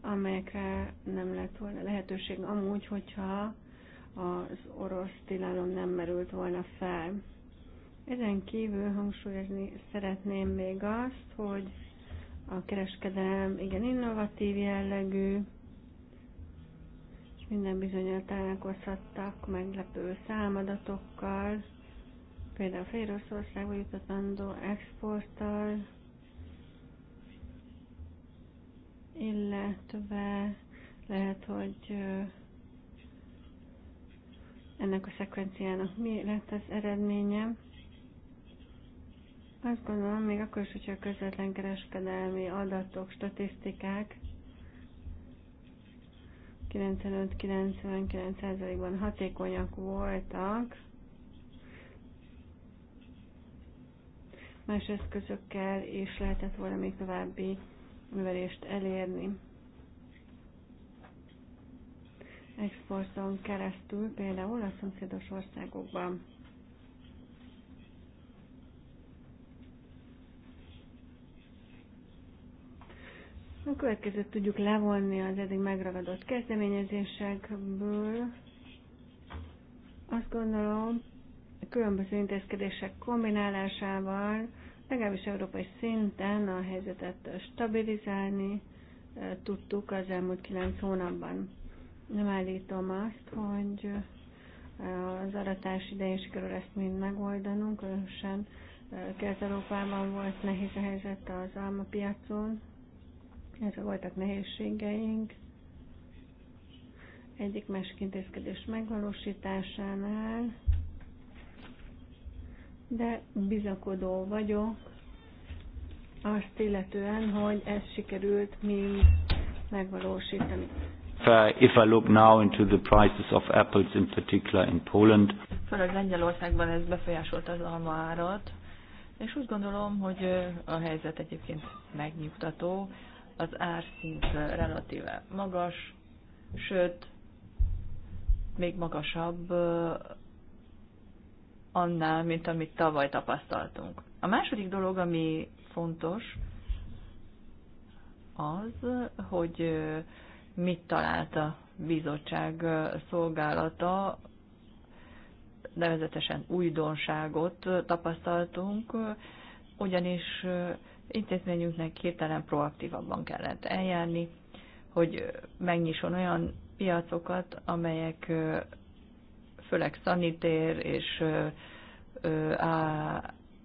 amelyekre nem lett volna lehetőség amúgy, hogyha az orosz tilalom nem merült volna fel. Ezen kívül hangsúlyozni szeretném még azt, hogy a kereskedelem igen innovatív jellegű, minden bizonyal találkozhattak meglepő számadatokkal, például Féloroszországba jutatandó exporttal, illetve lehet, hogy ennek a szekvenciának mi lett az eredménye. Azt gondolom, még akkor is, hogyha a közvetlen kereskedelmi adatok, statisztikák 95-99%-ban hatékonyak voltak, más eszközökkel is lehetett volna még további növelést elérni. Exporton keresztül például a szomszédos országokban. A következőt tudjuk levonni az eddig megragadott kezdeményezésekből. Azt gondolom, a különböző intézkedések kombinálásával legalábbis európai szinten a helyzetet stabilizálni e, tudtuk az elmúlt kilenc hónapban. Nem állítom azt, hogy e, az aratás idején sikerül ezt mind megoldanunk, különösen e, Kelet-Európában volt nehéz a helyzet az almapiacon, ezek voltak nehézségeink. Egyik másik intézkedés megvalósításánál, de bizakodó vagyok azt illetően, hogy ez sikerült még megvalósítani. if I look now into the prices of apples in particular in Poland. Főleg Lengyelországban ez befolyásolta az alma árat, és úgy gondolom, hogy a helyzet egyébként megnyugtató az árszint relatíve magas, sőt, még magasabb annál, mint amit tavaly tapasztaltunk. A második dolog, ami fontos, az, hogy mit talált a bizottság szolgálata, nevezetesen újdonságot tapasztaltunk, ugyanis intézményünknek hirtelen proaktívabban kellett eljárni, hogy megnyisson olyan piacokat, amelyek főleg szanitér és a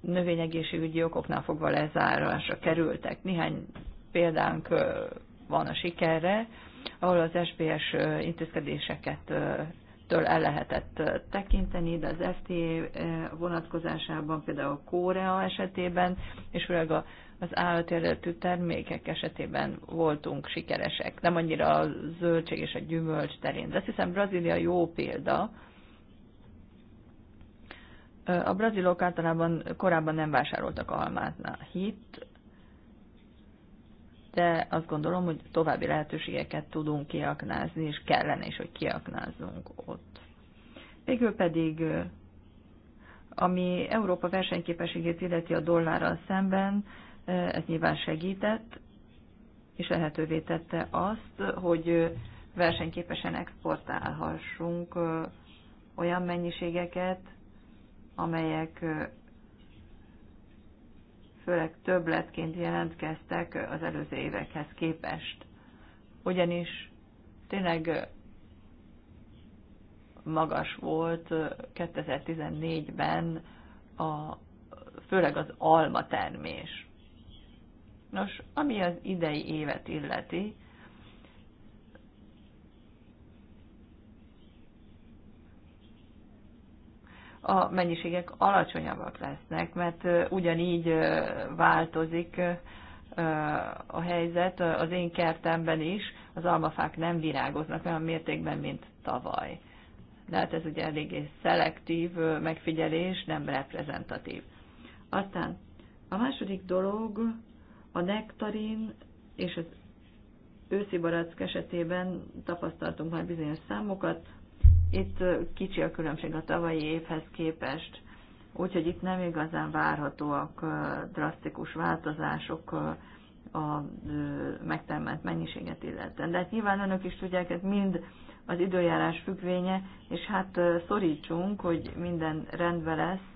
növényegészségügyi okoknál fogva lezárásra kerültek. Néhány példánk van a sikerre, ahol az SPS intézkedéseket ettől el lehetett tekinteni, de az FTA vonatkozásában, például a Korea esetében, és főleg a az állatérdetű termékek esetében voltunk sikeresek, nem annyira a zöldség és a gyümölcs terén. De azt hiszem Brazília jó példa. A brazilok általában korábban nem vásároltak almát, na, hit, de azt gondolom, hogy további lehetőségeket tudunk kiaknázni, és kellene is, hogy kiaknázzunk ott. Végül pedig, ami Európa versenyképességét illeti a dollárral szemben, ez nyilván segített, és lehetővé tette azt, hogy versenyképesen exportálhassunk olyan mennyiségeket, amelyek főleg többletként jelentkeztek az előző évekhez képest. Ugyanis tényleg magas volt 2014-ben a, főleg az alma termés. Nos, ami az idei évet illeti, a mennyiségek alacsonyabbak lesznek, mert ugyanígy változik a helyzet. Az én kertemben is az almafák nem virágoznak olyan mértékben, mint tavaly. De hát ez ugye eléggé szelektív megfigyelés, nem reprezentatív. Aztán a második dolog a nektarin és az őszi barack esetében tapasztaltunk már bizonyos számokat, itt kicsi a különbség a tavalyi évhez képest, úgyhogy itt nem igazán várhatóak drasztikus változások a megtermelt mennyiséget illetve, De hát nyilván önök is tudják, ez mind az időjárás függvénye, és hát szorítsunk, hogy minden rendben lesz,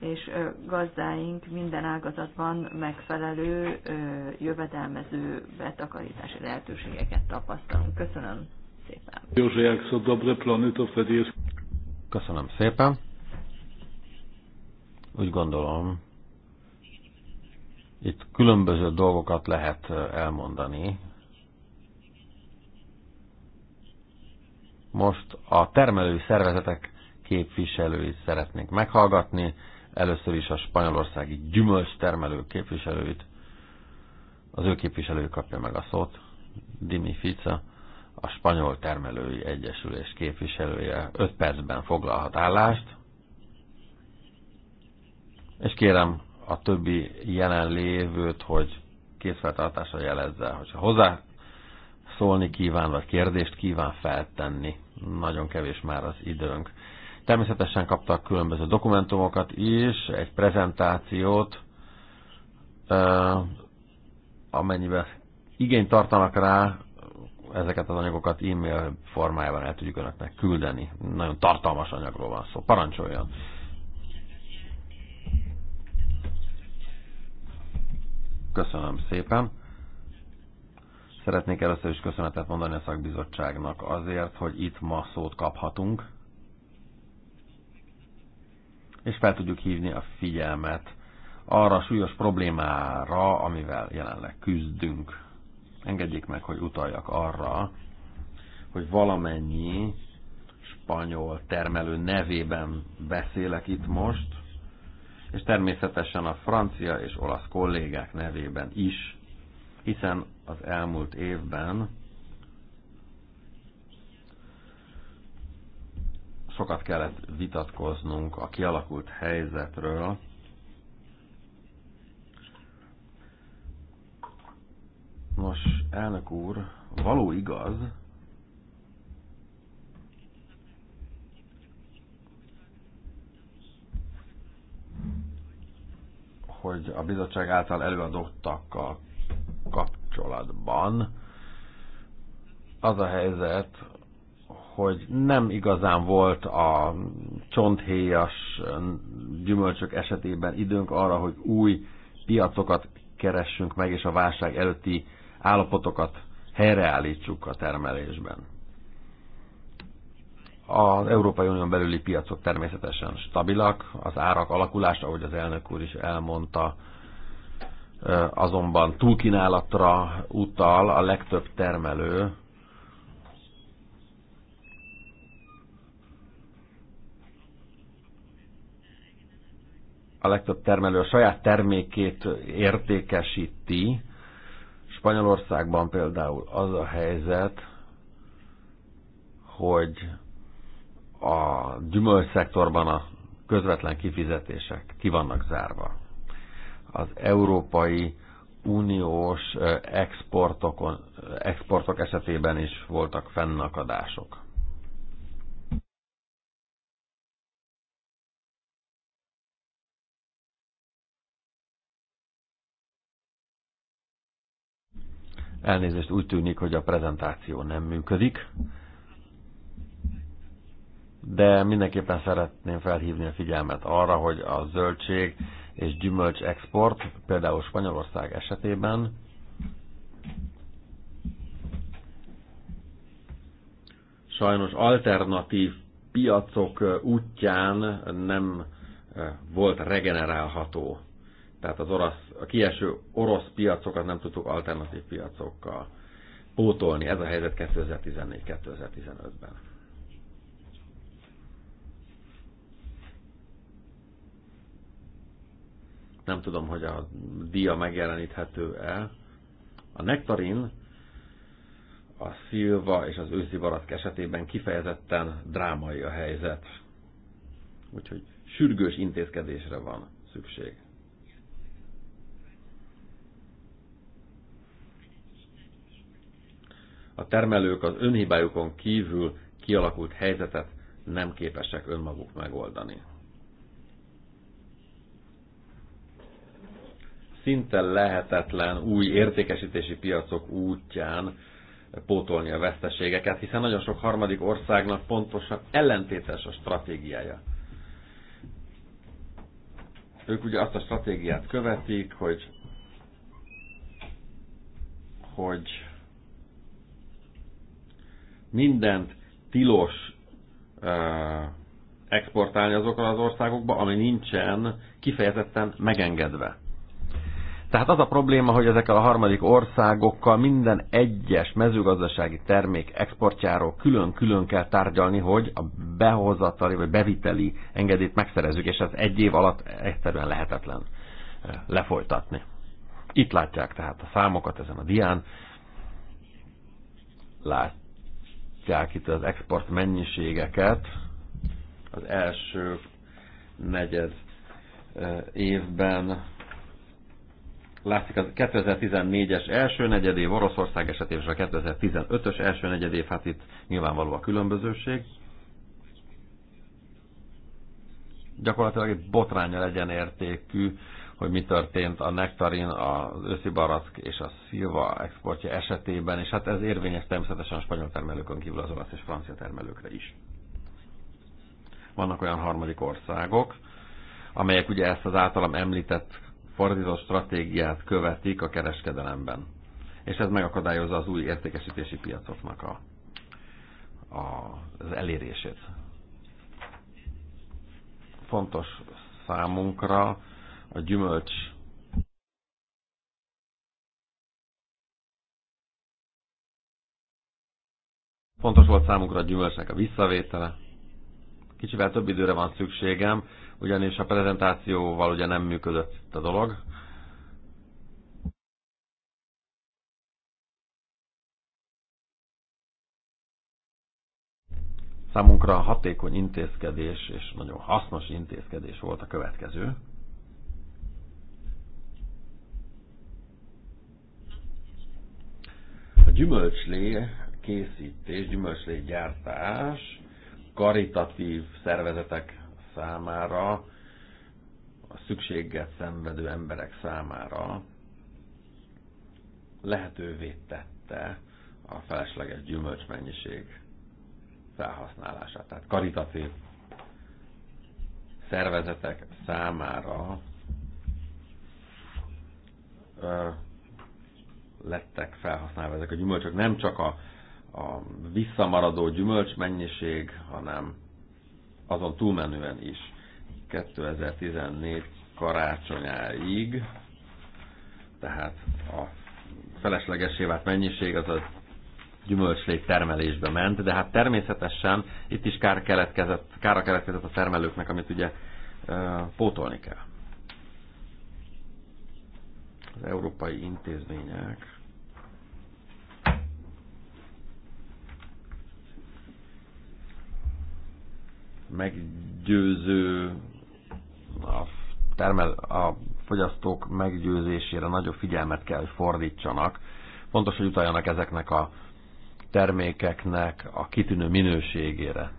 és gazdáink minden ágazatban megfelelő jövedelmező betakarítási lehetőségeket tapasztalunk. Köszönöm szépen. Köszönöm szépen. Úgy gondolom, itt különböző dolgokat lehet elmondani. Most a termelői szervezetek képviselőit szeretnék meghallgatni. Először is a spanyolországi gyümölcstermelő képviselőit. Az ő képviselő kapja meg a szót. Dimi Fica a Spanyol Termelői Egyesülés képviselője 5 percben foglalhat állást, és kérem a többi jelenlévőt, hogy készfeltartásra jelezze, hogyha hozzá szólni kíván, vagy kérdést kíván feltenni. Nagyon kevés már az időnk. Természetesen kaptak különböző dokumentumokat is, egy prezentációt, amennyiben igényt tartanak rá, ezeket az anyagokat e-mail formájában el tudjuk önöknek küldeni. Nagyon tartalmas anyagról van szó. Parancsoljon! Köszönöm szépen! Szeretnék először is köszönetet mondani a szakbizottságnak azért, hogy itt ma szót kaphatunk, és fel tudjuk hívni a figyelmet arra a súlyos problémára, amivel jelenleg küzdünk. Engedjék meg, hogy utaljak arra, hogy valamennyi spanyol termelő nevében beszélek itt most, és természetesen a francia és olasz kollégák nevében is, hiszen az elmúlt évben sokat kellett vitatkoznunk a kialakult helyzetről, Nos, elnök úr, való igaz, hogy a bizottság által előadottakkal kapcsolatban az a helyzet, hogy nem igazán volt a csonthéjas gyümölcsök esetében időnk arra, hogy új piacokat keressünk meg, és a válság előtti állapotokat helyreállítsuk a termelésben. Az Európai Unión belüli piacok természetesen stabilak, az árak alakulása, ahogy az elnök úr is elmondta, azonban túlkínálatra utal a legtöbb termelő, a legtöbb termelő a saját termékét értékesíti, Spanyolországban például az a helyzet, hogy a gyümölcsszektorban a közvetlen kifizetések ki vannak zárva. Az Európai Uniós eh, exportokon, eh, exportok esetében is voltak fennakadások. Elnézést úgy tűnik, hogy a prezentáció nem működik, de mindenképpen szeretném felhívni a figyelmet arra, hogy a zöldség és gyümölcs export például Spanyolország esetében sajnos alternatív piacok útján nem eh, volt regenerálható tehát az orosz, a kieső orosz piacokat nem tudtuk alternatív piacokkal pótolni. Ez a helyzet 2014-2015-ben. Nem tudom, hogy a dia megjeleníthető-e. A nektarin a szilva és az őszi barack esetében kifejezetten drámai a helyzet. Úgyhogy sürgős intézkedésre van szükség. A termelők az önhibájukon kívül kialakult helyzetet nem képesek önmaguk megoldani. Szinte lehetetlen új értékesítési piacok útján pótolni a veszteségeket, hiszen nagyon sok harmadik országnak pontosan ellentétes a stratégiája. Ők ugye azt a stratégiát követik, hogy hogy mindent tilos exportálni azokra az országokba, ami nincsen kifejezetten megengedve. Tehát az a probléma, hogy ezekkel a harmadik országokkal minden egyes mezőgazdasági termék exportjáról külön-külön kell tárgyalni, hogy a behozatali vagy beviteli engedélyt megszerezzük, és ez egy év alatt egyszerűen lehetetlen lefolytatni. Itt látják tehát a számokat ezen a dián. Lát, látják itt az export mennyiségeket. Az első negyed e, évben látszik a 2014-es első negyedév Oroszország esetében és a 2015-ös első negyedév, hát itt nyilvánvaló a különbözőség. Gyakorlatilag egy botránya legyen értékű hogy mi történt a nektarin, az őszi barack és a szilva exportja esetében, és hát ez érvényes természetesen a spanyol termelőkön kívül az olasz és francia termelőkre is. Vannak olyan harmadik országok, amelyek ugye ezt az általam említett fordított stratégiát követik a kereskedelemben. És ez megakadályozza az új értékesítési piacoknak a, a, az elérését. Fontos számunkra, a gyümölcs Fontos volt számunkra a gyümölcsnek a visszavétele. Kicsivel több időre van szükségem, ugyanis a prezentációval ugye nem működött itt a dolog. Számunkra hatékony intézkedés és nagyon hasznos intézkedés volt a következő. gyümölcslé készítés, gyümölcslé gyártás karitatív szervezetek számára, a szükséget szenvedő emberek számára lehetővé tette a felesleges gyümölcsmennyiség felhasználását. Tehát karitatív szervezetek számára lettek felhasználva ezek a gyümölcsök. Nem csak a, a visszamaradó gyümölcs mennyiség, hanem azon túlmenően is 2014 karácsonyáig, tehát a feleslegesé vált mennyiség az a gyümölcslég termelésbe ment, de hát természetesen itt is kár keletkezett, kára keletkezett a termelőknek, amit ugye pótolni kell európai intézmények meggyőző a, termel, a fogyasztók meggyőzésére nagyobb figyelmet kell, hogy fordítsanak. Fontos, hogy utaljanak ezeknek a termékeknek a kitűnő minőségére.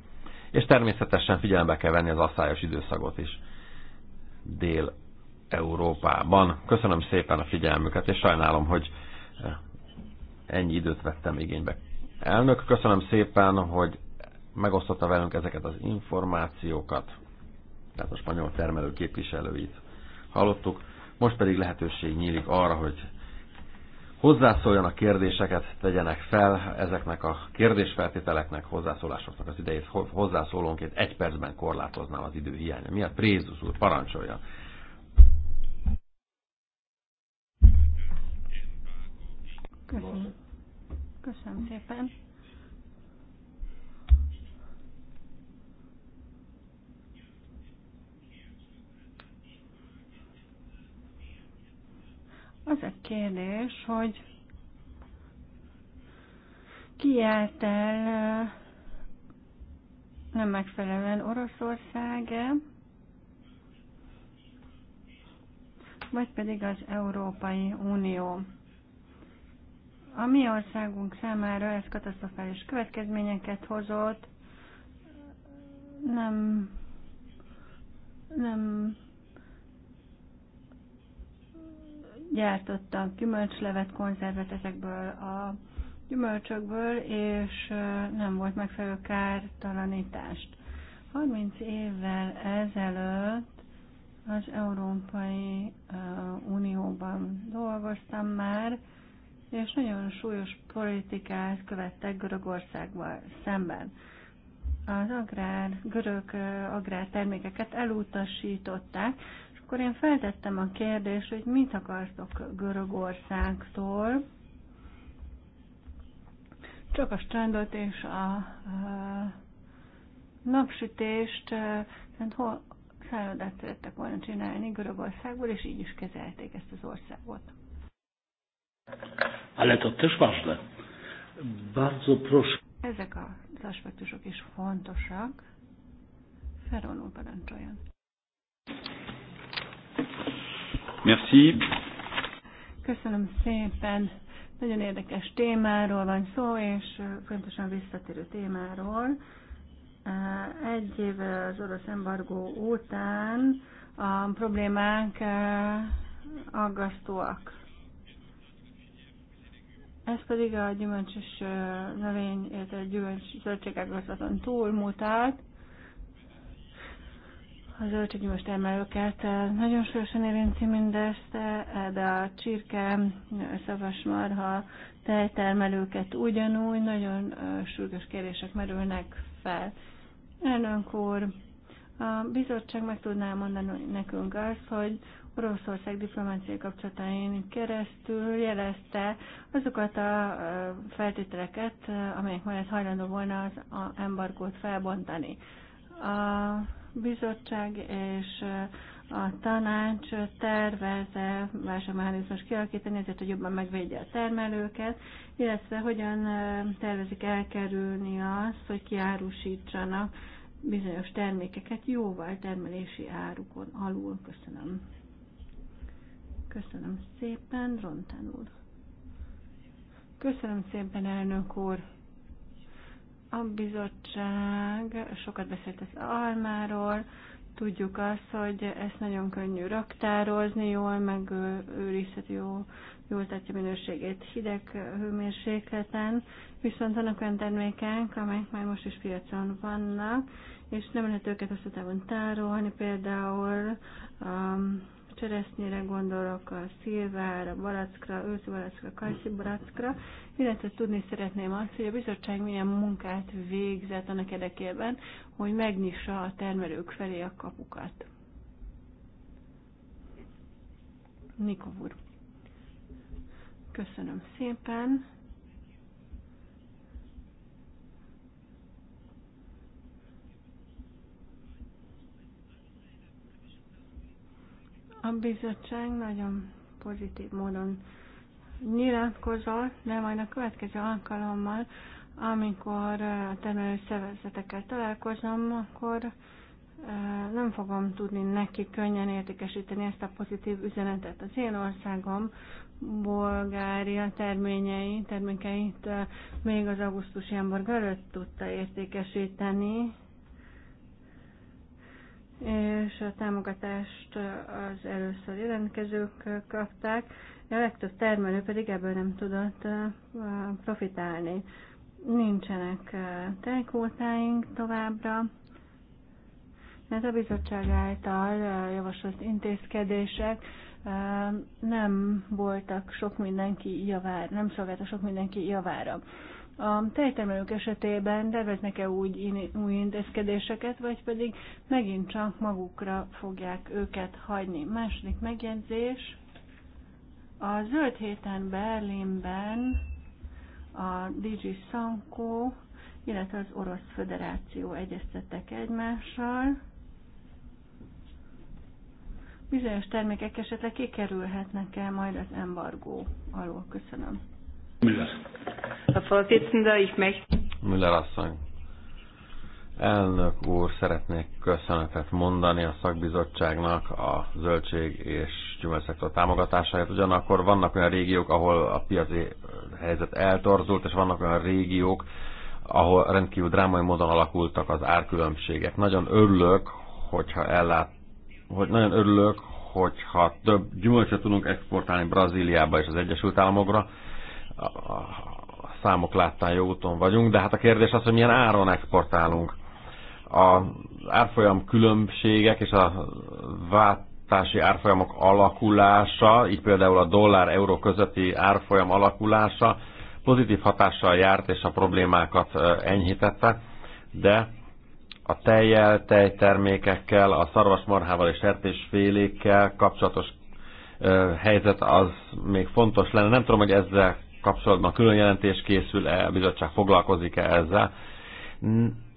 És természetesen figyelembe kell venni az asszályos időszakot is. Dél Európában. Köszönöm szépen a figyelmüket, és sajnálom, hogy eh, ennyi időt vettem igénybe. Elnök, köszönöm szépen, hogy megosztotta velünk ezeket az információkat, tehát a spanyol termelő képviselőit hallottuk. Most pedig lehetőség nyílik arra, hogy hozzászóljanak kérdéseket, tegyenek fel ezeknek a kérdésfeltételeknek, hozzászólásoknak az idejét hozzászólónként egy percben korlátoznám az idő hiánya miatt. Prézus úr, parancsolja. Köszönöm. Köszönöm szépen. Az a kérdés, hogy ki járt el nem megfelelően Oroszország, vagy pedig az Európai Unió. A mi országunk számára ez katasztrofális következményeket hozott. Nem, nem gyártottam gyümölcslevet, konzervet ezekből a gyümölcsökből, és nem volt megfelelő kártalanítást. 30 évvel ezelőtt az Európai Unióban dolgoztam már, és nagyon súlyos politikát követtek Görögországban szemben. Az agrár, görög agrártermékeket elutasították, és akkor én feltettem a kérdést, hogy mit akartok Görögországtól, csak a strandot és a, a napsütést, tehát hol szállodát szerettek volna csinálni Görögországból, és így is kezelték ezt az országot. Ale to też ważne. Bardzo proszę. Ezek az aspektusok is fontosak. Ferron úr parancsoljon. Merci. Köszönöm szépen. Nagyon érdekes témáról van szó, és fontosan visszatérő témáról. Egy év az orosz embargó után a problémák eh, aggasztóak. Ez pedig a gyümölcsös növény, illetve a gyümölcs zöldségágazaton túlmutált. A zöldséggyümölcs termelőket nagyon sorosan érinti mindezt, de a csirke, szavasmarha, tejtermelőket ugyanúgy nagyon sürgős kérések merülnek fel. Elnök úr, a bizottság meg tudná mondani nekünk azt, hogy Oroszország diplomáciai kapcsolatain keresztül jelezte azokat a feltételeket, amelyek mellett hajlandó volna az embargót felbontani. A bizottság és a tanács tervezze, válságmechanizmus kialakítani, ezért, hogy jobban megvédje a termelőket, illetve hogyan tervezik elkerülni azt, hogy kiárusítsanak bizonyos termékeket jóval termelési árukon alul. Köszönöm. Köszönöm szépen, Rontán úr. Köszönöm szépen, elnök úr. A bizottság sokat beszélt az almáról, tudjuk azt, hogy ezt nagyon könnyű raktározni, jól megőrizheti jó jól tartja minőségét hideg hőmérsékleten, viszont vannak olyan termékek, amelyek már most is piacon vannak, és nem lehet őket hosszú távon tárolni, például um, cseresznyére gondolok a szilvára, barackra, őszi barackra, kajszi barackra, illetve tudni szeretném azt, hogy a bizottság milyen munkát végzett annak érdekében, hogy megnyissa a termelők felé a kapukat. Nikov úr. Köszönöm szépen. bizottság nagyon pozitív módon nyilatkozott, de majd a következő alkalommal, amikor a termelő szervezetekkel találkozom, akkor nem fogom tudni neki könnyen értékesíteni ezt a pozitív üzenetet. Az én országom Bulgária terményei, termékeit még az augusztusi ember előtt tudta értékesíteni, és a támogatást az először jelentkezők kapták, a legtöbb termelő pedig ebből nem tudott profitálni. Nincsenek tejkótáink továbbra, mert a bizottság által javasolt intézkedések nem voltak sok mindenki javára, nem szolgáltak sok mindenki javára a tejtermelők esetében terveznek-e úgy új intézkedéseket, vagy pedig megint csak magukra fogják őket hagyni. Második megjegyzés. A zöld héten Berlinben a DG Sanko, illetve az Orosz Föderáció egyeztettek egymással. Bizonyos termékek esetleg kikerülhetnek el majd az embargó alól. Köszönöm. Müller. Herr Vorsitzender, ich möchte... Müller asszony. Elnök úr, szeretnék köszönetet mondani a szakbizottságnak a zöldség és gyümölcsszektor támogatásáért. Ugyanakkor vannak olyan régiók, ahol a piaci eh, helyzet eltorzult, és vannak olyan régiók, ahol rendkívül drámai módon alakultak az árkülönbségek. Nagyon örülök, hogyha ellát, hogy nagyon örülök, hogyha több gyümölcsöt tudunk exportálni Brazíliába és az Egyesült Államokra, a számok láttán jó úton vagyunk, de hát a kérdés az, hogy milyen áron exportálunk. Az árfolyam különbségek és a váltási árfolyamok alakulása, így például a dollár-euró közötti árfolyam alakulása pozitív hatással járt és a problémákat enyhítette, de a tejjel, tejtermékekkel, a szarvasmarhával és sertésfélékkel kapcsolatos helyzet az még fontos lenne. Nem tudom, hogy ezzel kapcsolatban külön jelentés készül-e, a bizottság foglalkozik-e ezzel.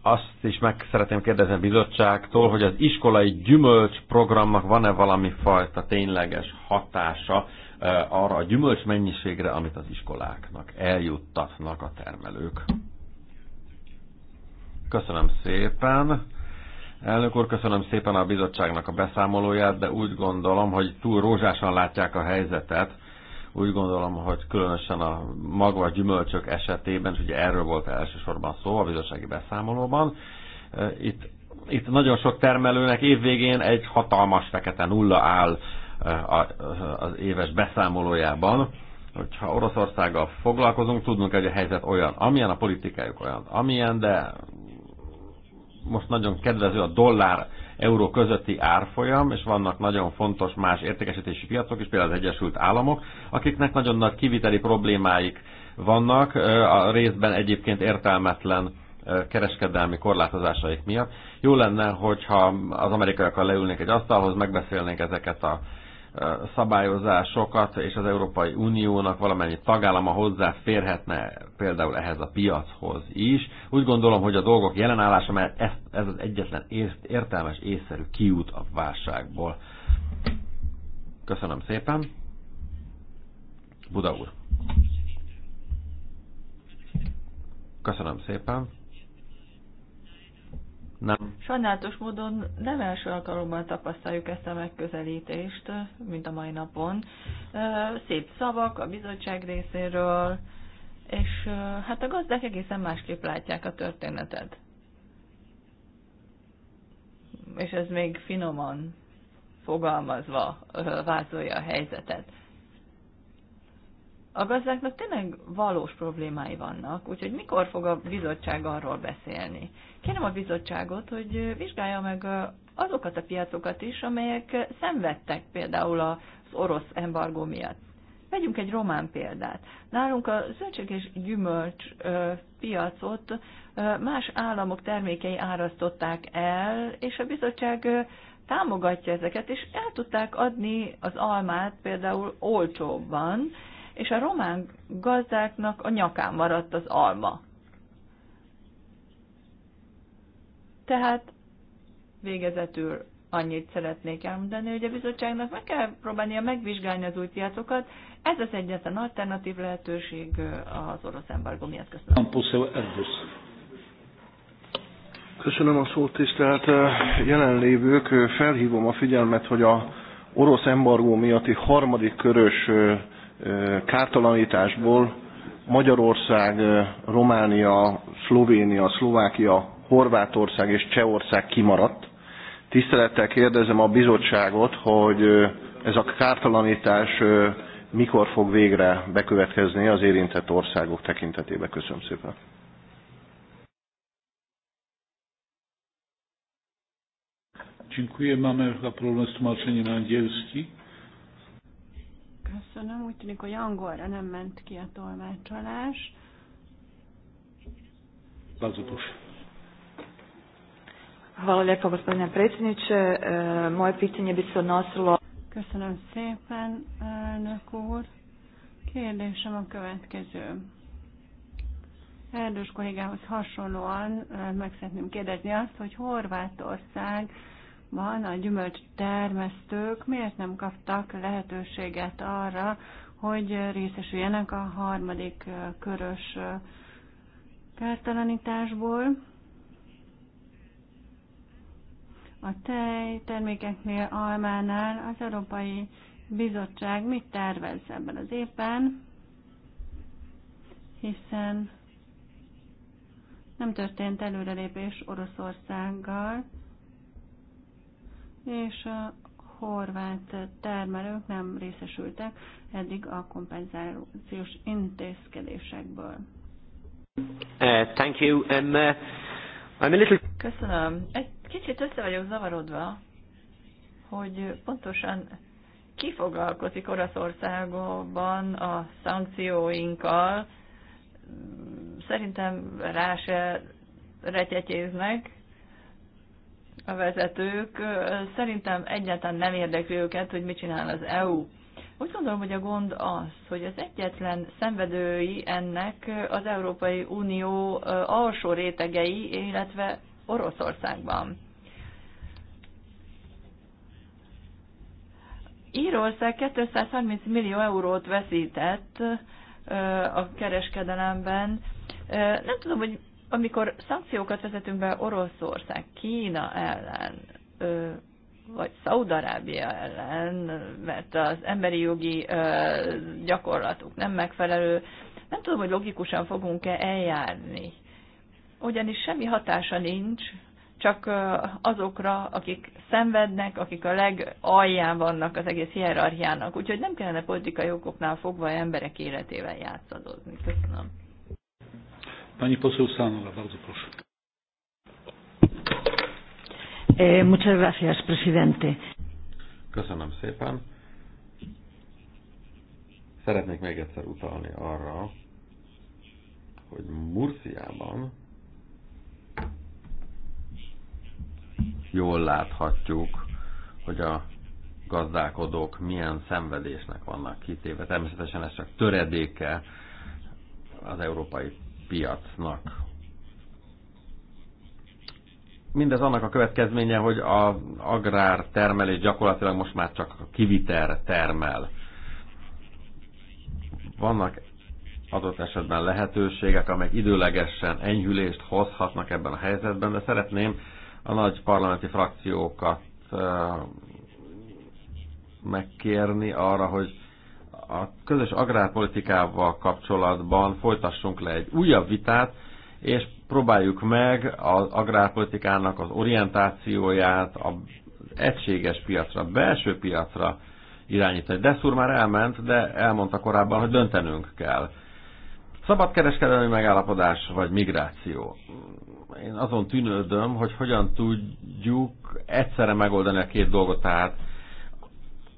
Azt is meg szeretném kérdezni a bizottságtól, hogy az iskolai gyümölcs programnak van-e valami fajta tényleges hatása e, arra a gyümölcs mennyiségre, amit az iskoláknak eljuttatnak a termelők. Köszönöm szépen. Elnök úr, köszönöm szépen a bizottságnak a beszámolóját, de úgy gondolom, hogy túl rózsásan látják a helyzetet, úgy gondolom, hogy különösen a magva gyümölcsök esetében, és ugye erről volt elsősorban szó a bizottsági beszámolóban, e, itt, itt nagyon sok termelőnek évvégén egy hatalmas fekete nulla áll e, az éves beszámolójában, hogyha Oroszországgal foglalkozunk, tudnunk, hogy a helyzet olyan, amilyen, a politikájuk olyan, amilyen, de most nagyon kedvező a dollár euró közötti árfolyam, és vannak nagyon fontos más értékesítési piacok is, például az Egyesült Államok, akiknek nagyon nagy kiviteli problémáik vannak, a részben egyébként értelmetlen kereskedelmi korlátozásaik miatt. Jó lenne, hogyha az amerikaiakkal leülnék egy asztalhoz, megbeszélnénk ezeket a szabályozásokat, és az Európai Uniónak valamennyi tagállama hozzáférhetne például ehhez a piachoz is. Úgy gondolom, hogy a dolgok jelenállása, mert ez, ez az egyetlen értelmes, észszerű kiút a válságból. Köszönöm szépen. Buda úr. Köszönöm szépen. Nem. Sajnálatos módon nem első alkalommal tapasztaljuk ezt a megközelítést, mint a mai napon. Szép szavak a bizottság részéről, és hát a gazdák egészen másképp látják a történetet. És ez még finoman fogalmazva vázolja a helyzetet a gazdáknak tényleg valós problémái vannak, úgyhogy mikor fog a bizottság arról beszélni? Kérem a bizottságot, hogy vizsgálja meg azokat a piacokat is, amelyek szenvedtek például az orosz embargó miatt. Vegyünk egy román példát. Nálunk a zöldség és gyümölcs piacot más államok termékei árasztották el, és a bizottság támogatja ezeket, és el tudták adni az almát például olcsóbban, és a román gazdáknak a nyakán maradt az alma. Tehát végezetül annyit szeretnék elmondani, hogy a bizottságnak meg kell próbálnia megvizsgálni az új piacokat. Ez az egyetlen alternatív lehetőség az orosz embargó miatt. Köszönöm. Köszönöm a szót, tisztelt jelenlévők. Felhívom a figyelmet, hogy a orosz embargó miatti harmadik körös kártalanításból Magyarország, Románia, Szlovénia, Szlovákia, Horvátország és Csehország kimaradt. Tisztelettel kérdezem a bizottságot, hogy ez a kártalanítás mikor fog végre bekövetkezni az érintett országok tekintetében. Köszönöm szépen. Dziękuję. Mamy chyba problem z tłumaczeniem na angielski. Köszönöm. Úgy tűnik, hogy angolra nem ment ki a tolmácsolás. Bazutus. Hvala lijepo gospodine predsjedniče. E, moje pitanje bi se odnosilo... Köszönöm szépen, elnök úr. Kérdésem a következő. Erdős kollégához hasonlóan e, meg szeretném kérdezni azt, hogy Horvátország van a gyümölcs termesztők miért nem kaptak lehetőséget arra, hogy részesüljenek a harmadik körös kártalanításból. A tej termékeknél, almánál az Európai Bizottság mit tervez ebben az évben, hiszen nem történt előrelépés Oroszországgal, és a horvát termelők nem részesültek eddig a kompenzációs intézkedésekből. Uh, thank you. Um, uh, I'm a little... Köszönöm. Egy kicsit össze vagyok zavarodva, hogy pontosan ki foglalkozik Oroszországban a szankcióinkkal. Szerintem rá se retyetjéznek, a vezetők, szerintem egyáltalán nem érdekli őket, hogy mit csinál az EU. Úgy gondolom, hogy a gond az, hogy az egyetlen szenvedői ennek az Európai Unió alsó rétegei, illetve Oroszországban. Írország 230 millió eurót veszített a kereskedelemben. Nem tudom, hogy amikor szankciókat vezetünk be Oroszország, Kína ellen, vagy Szaudarábia ellen, mert az emberi jogi gyakorlatuk nem megfelelő, nem tudom, hogy logikusan fogunk-e eljárni. Ugyanis semmi hatása nincs, csak azokra, akik szenvednek, akik a legalján vannak az egész hierarchiának. Úgyhogy nem kellene politikai okoknál fogva emberek életével játszadozni. Köszönöm. Pani poseł Sanowa, bardzo proszę. E, muchas gracias, presidente. Köszönöm szépen. Szeretnék még egyszer utalni arra, hogy Murciában jól láthatjuk, hogy a gazdálkodók milyen szenvedésnek vannak kitéve. Természetesen ez csak töredéke az európai piacnak. Mindez annak a következménye, hogy az agrártermelés gyakorlatilag most már csak kiviter termel. Vannak adott esetben lehetőségek, amelyek időlegesen enyhülést hozhatnak ebben a helyzetben, de szeretném a nagy parlamenti frakciókat megkérni arra, hogy a közös agrárpolitikával kapcsolatban folytassunk le egy újabb vitát, és próbáljuk meg az agrárpolitikának az orientációját az egységes piacra, belső piacra irányítani. Deszúr már elment, de elmondta korábban, hogy döntenünk kell. Szabadkereskedelmi megállapodás vagy migráció? Én azon tűnődöm, hogy hogyan tudjuk egyszerre megoldani a két dolgot, tehát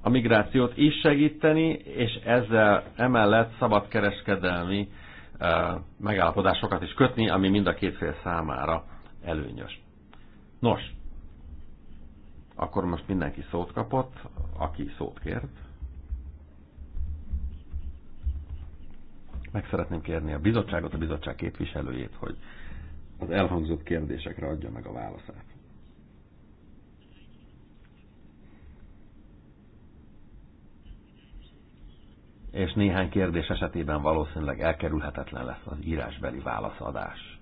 a migrációt is segíteni, és ezzel emellett szabadkereskedelmi eh, megállapodásokat is kötni, ami mind a két fél számára előnyös. Nos, akkor most mindenki szót kapott, aki szót kért. Meg szeretném kérni a bizottságot, a bizottság képviselőjét, hogy az elhangzott kérdésekre adja meg a válaszát. és néhány kérdés esetében valószínűleg elkerülhetetlen lesz az írásbeli válaszadás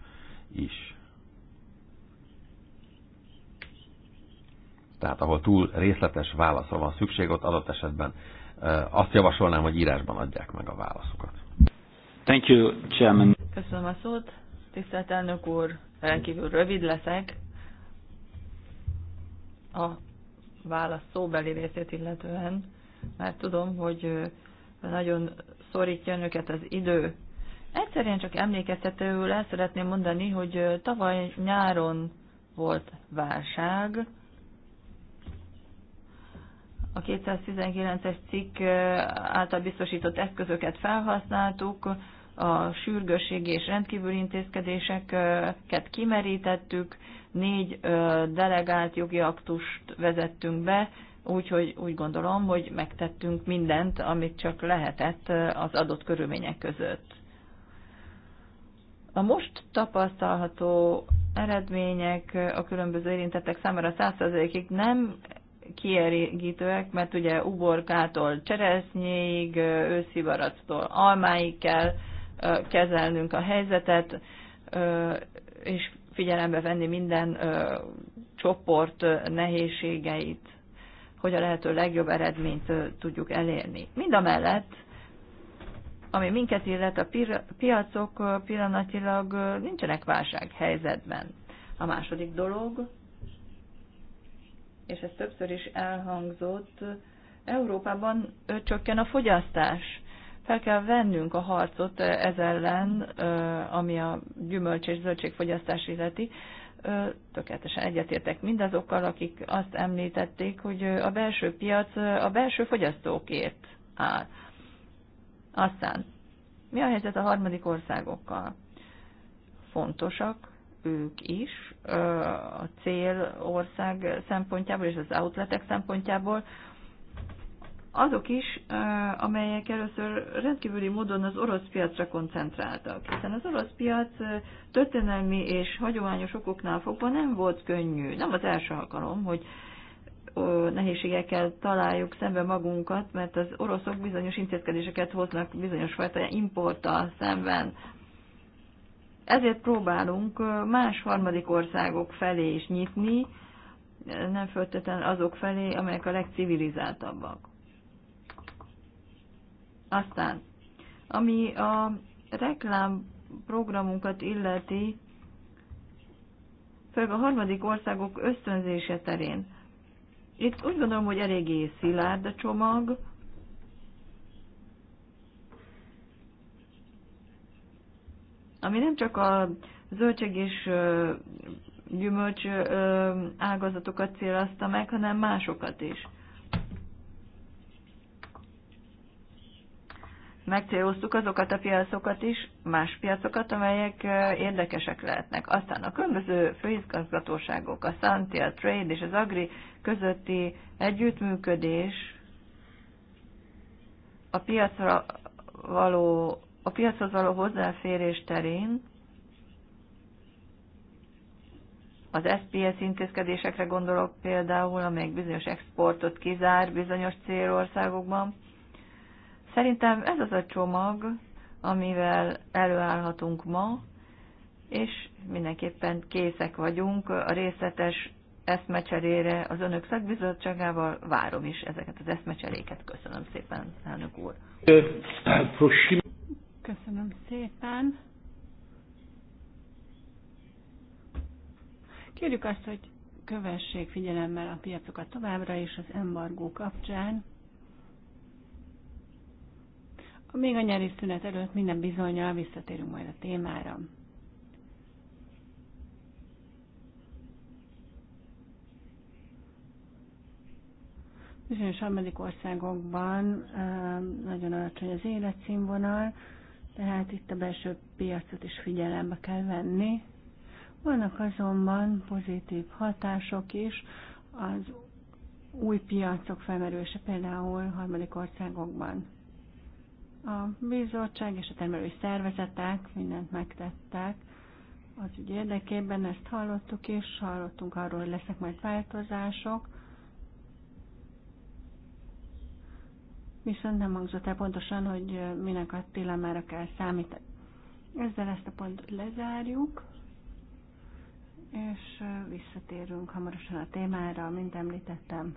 is. Tehát ahol túl részletes válaszra van szükség, ott adott esetben azt javasolnám, hogy írásban adják meg a válaszokat. Thank you, Chairman. Köszönöm a szót. Tisztelt elnök úr, rendkívül rövid leszek. A válasz szóbeli részét illetően, mert tudom, hogy nagyon szorítja önöket az idő. Egyszerűen csak emlékeztetőül el szeretném mondani, hogy tavaly nyáron volt válság. A 219-es cikk által biztosított eszközöket felhasználtuk, a sürgősségi és rendkívül intézkedéseket kimerítettük, négy delegált jogi aktust vezettünk be, Úgyhogy úgy gondolom, hogy megtettünk mindent, amit csak lehetett eh, az adott körülmények között. A most tapasztalható eredmények eh, a különböző érintettek számára 100%-ig nem kielégítőek, mert ugye uborkától cseresznyéig, eh, őszivaractól almáig kell kezelnünk a helyzetet, és figyelembe venni minden csoport nehézségeit hogy a lehető legjobb eredményt tudjuk elérni. Mind a mellett, ami minket illet, a piacok pillanatilag nincsenek válsághelyzetben. A második dolog, és ez többször is elhangzott, Európában csökken a fogyasztás. Fel kell vennünk a harcot ez ellen, ami a gyümölcs és zöldségfogyasztás illeti, tökéletesen egyetértek mindazokkal, akik azt említették, hogy a belső piac a belső fogyasztókért áll. Aztán, mi a helyzet a harmadik országokkal? Fontosak ők is a cél ország szempontjából és az outletek szempontjából, azok is, amelyek először rendkívüli módon az orosz piacra koncentráltak, hiszen az orosz piac történelmi és hagyományos okoknál fogva nem volt könnyű. Nem az első alkalom, hogy nehézségekkel találjuk szembe magunkat, mert az oroszok bizonyos intézkedéseket hoznak bizonyos fajta importtal szemben. Ezért próbálunk más harmadik országok felé is nyitni, nem föltetlen azok felé, amelyek a legcivilizáltabbak. Aztán, ami a reklámprogramunkat illeti, főleg a harmadik országok ösztönzése terén. Itt úgy gondolom, hogy eléggé szilárd a csomag, ami nem csak a zöldség és gyümölcs ágazatokat célozta meg, hanem másokat is. megcéloztuk azokat a piacokat is, más piacokat, amelyek érdekesek lehetnek. Aztán a különböző főizgazgatóságok, a Santi, a Trade és az Agri közötti együttműködés a piacra való, a piachoz való hozzáférés terén az SPS intézkedésekre gondolok például, amelyek bizonyos exportot kizár bizonyos célországokban, Szerintem ez az a csomag, amivel előállhatunk ma, és mindenképpen készek vagyunk a részletes eszmecserére az önök szakbizottságával. Várom is ezeket az eszmecseréket. Köszönöm szépen, elnök úr. Köszönöm szépen. Kérjük azt, hogy kövessék figyelemmel a piacokat továbbra is az embargó kapcsán. Még a nyári szünet előtt minden bizonyal visszatérünk majd a témára. Bizonyos harmadik országokban nagyon alacsony az életszínvonal, tehát itt a belső piacot is figyelembe kell venni. Vannak azonban pozitív hatások is, az új piacok felmerülése például harmadik országokban. A bizottság és a termelői szervezetek mindent megtettek az ügy érdekében, ezt hallottuk és hallottunk arról, hogy lesznek majd változások. Viszont nem hangzott el pontosan, hogy minek a tilemára kell számítani. Ezzel ezt a pontot lezárjuk, és visszatérünk hamarosan a témára, mint említettem.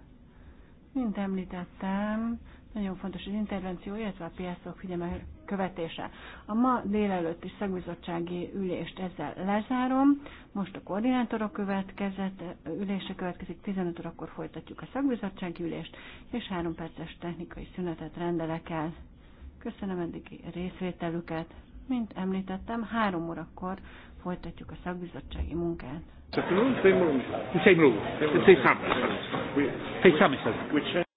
Mint említettem, nagyon fontos az intervenció, illetve a piacok figyelme követése. A ma délelőtti szakbizottsági ülést ezzel lezárom. Most a koordinátorok következett, ülése következik, 15 órakor folytatjuk a szakbizottsági ülést, és három perces technikai szünetet rendelek el. Köszönöm eddigi részvételüket. Mint említettem, három órakor folytatjuk a szakbizottsági munkát. Same same same room, same room. Same room. Same room. Same room. Same room. Same room.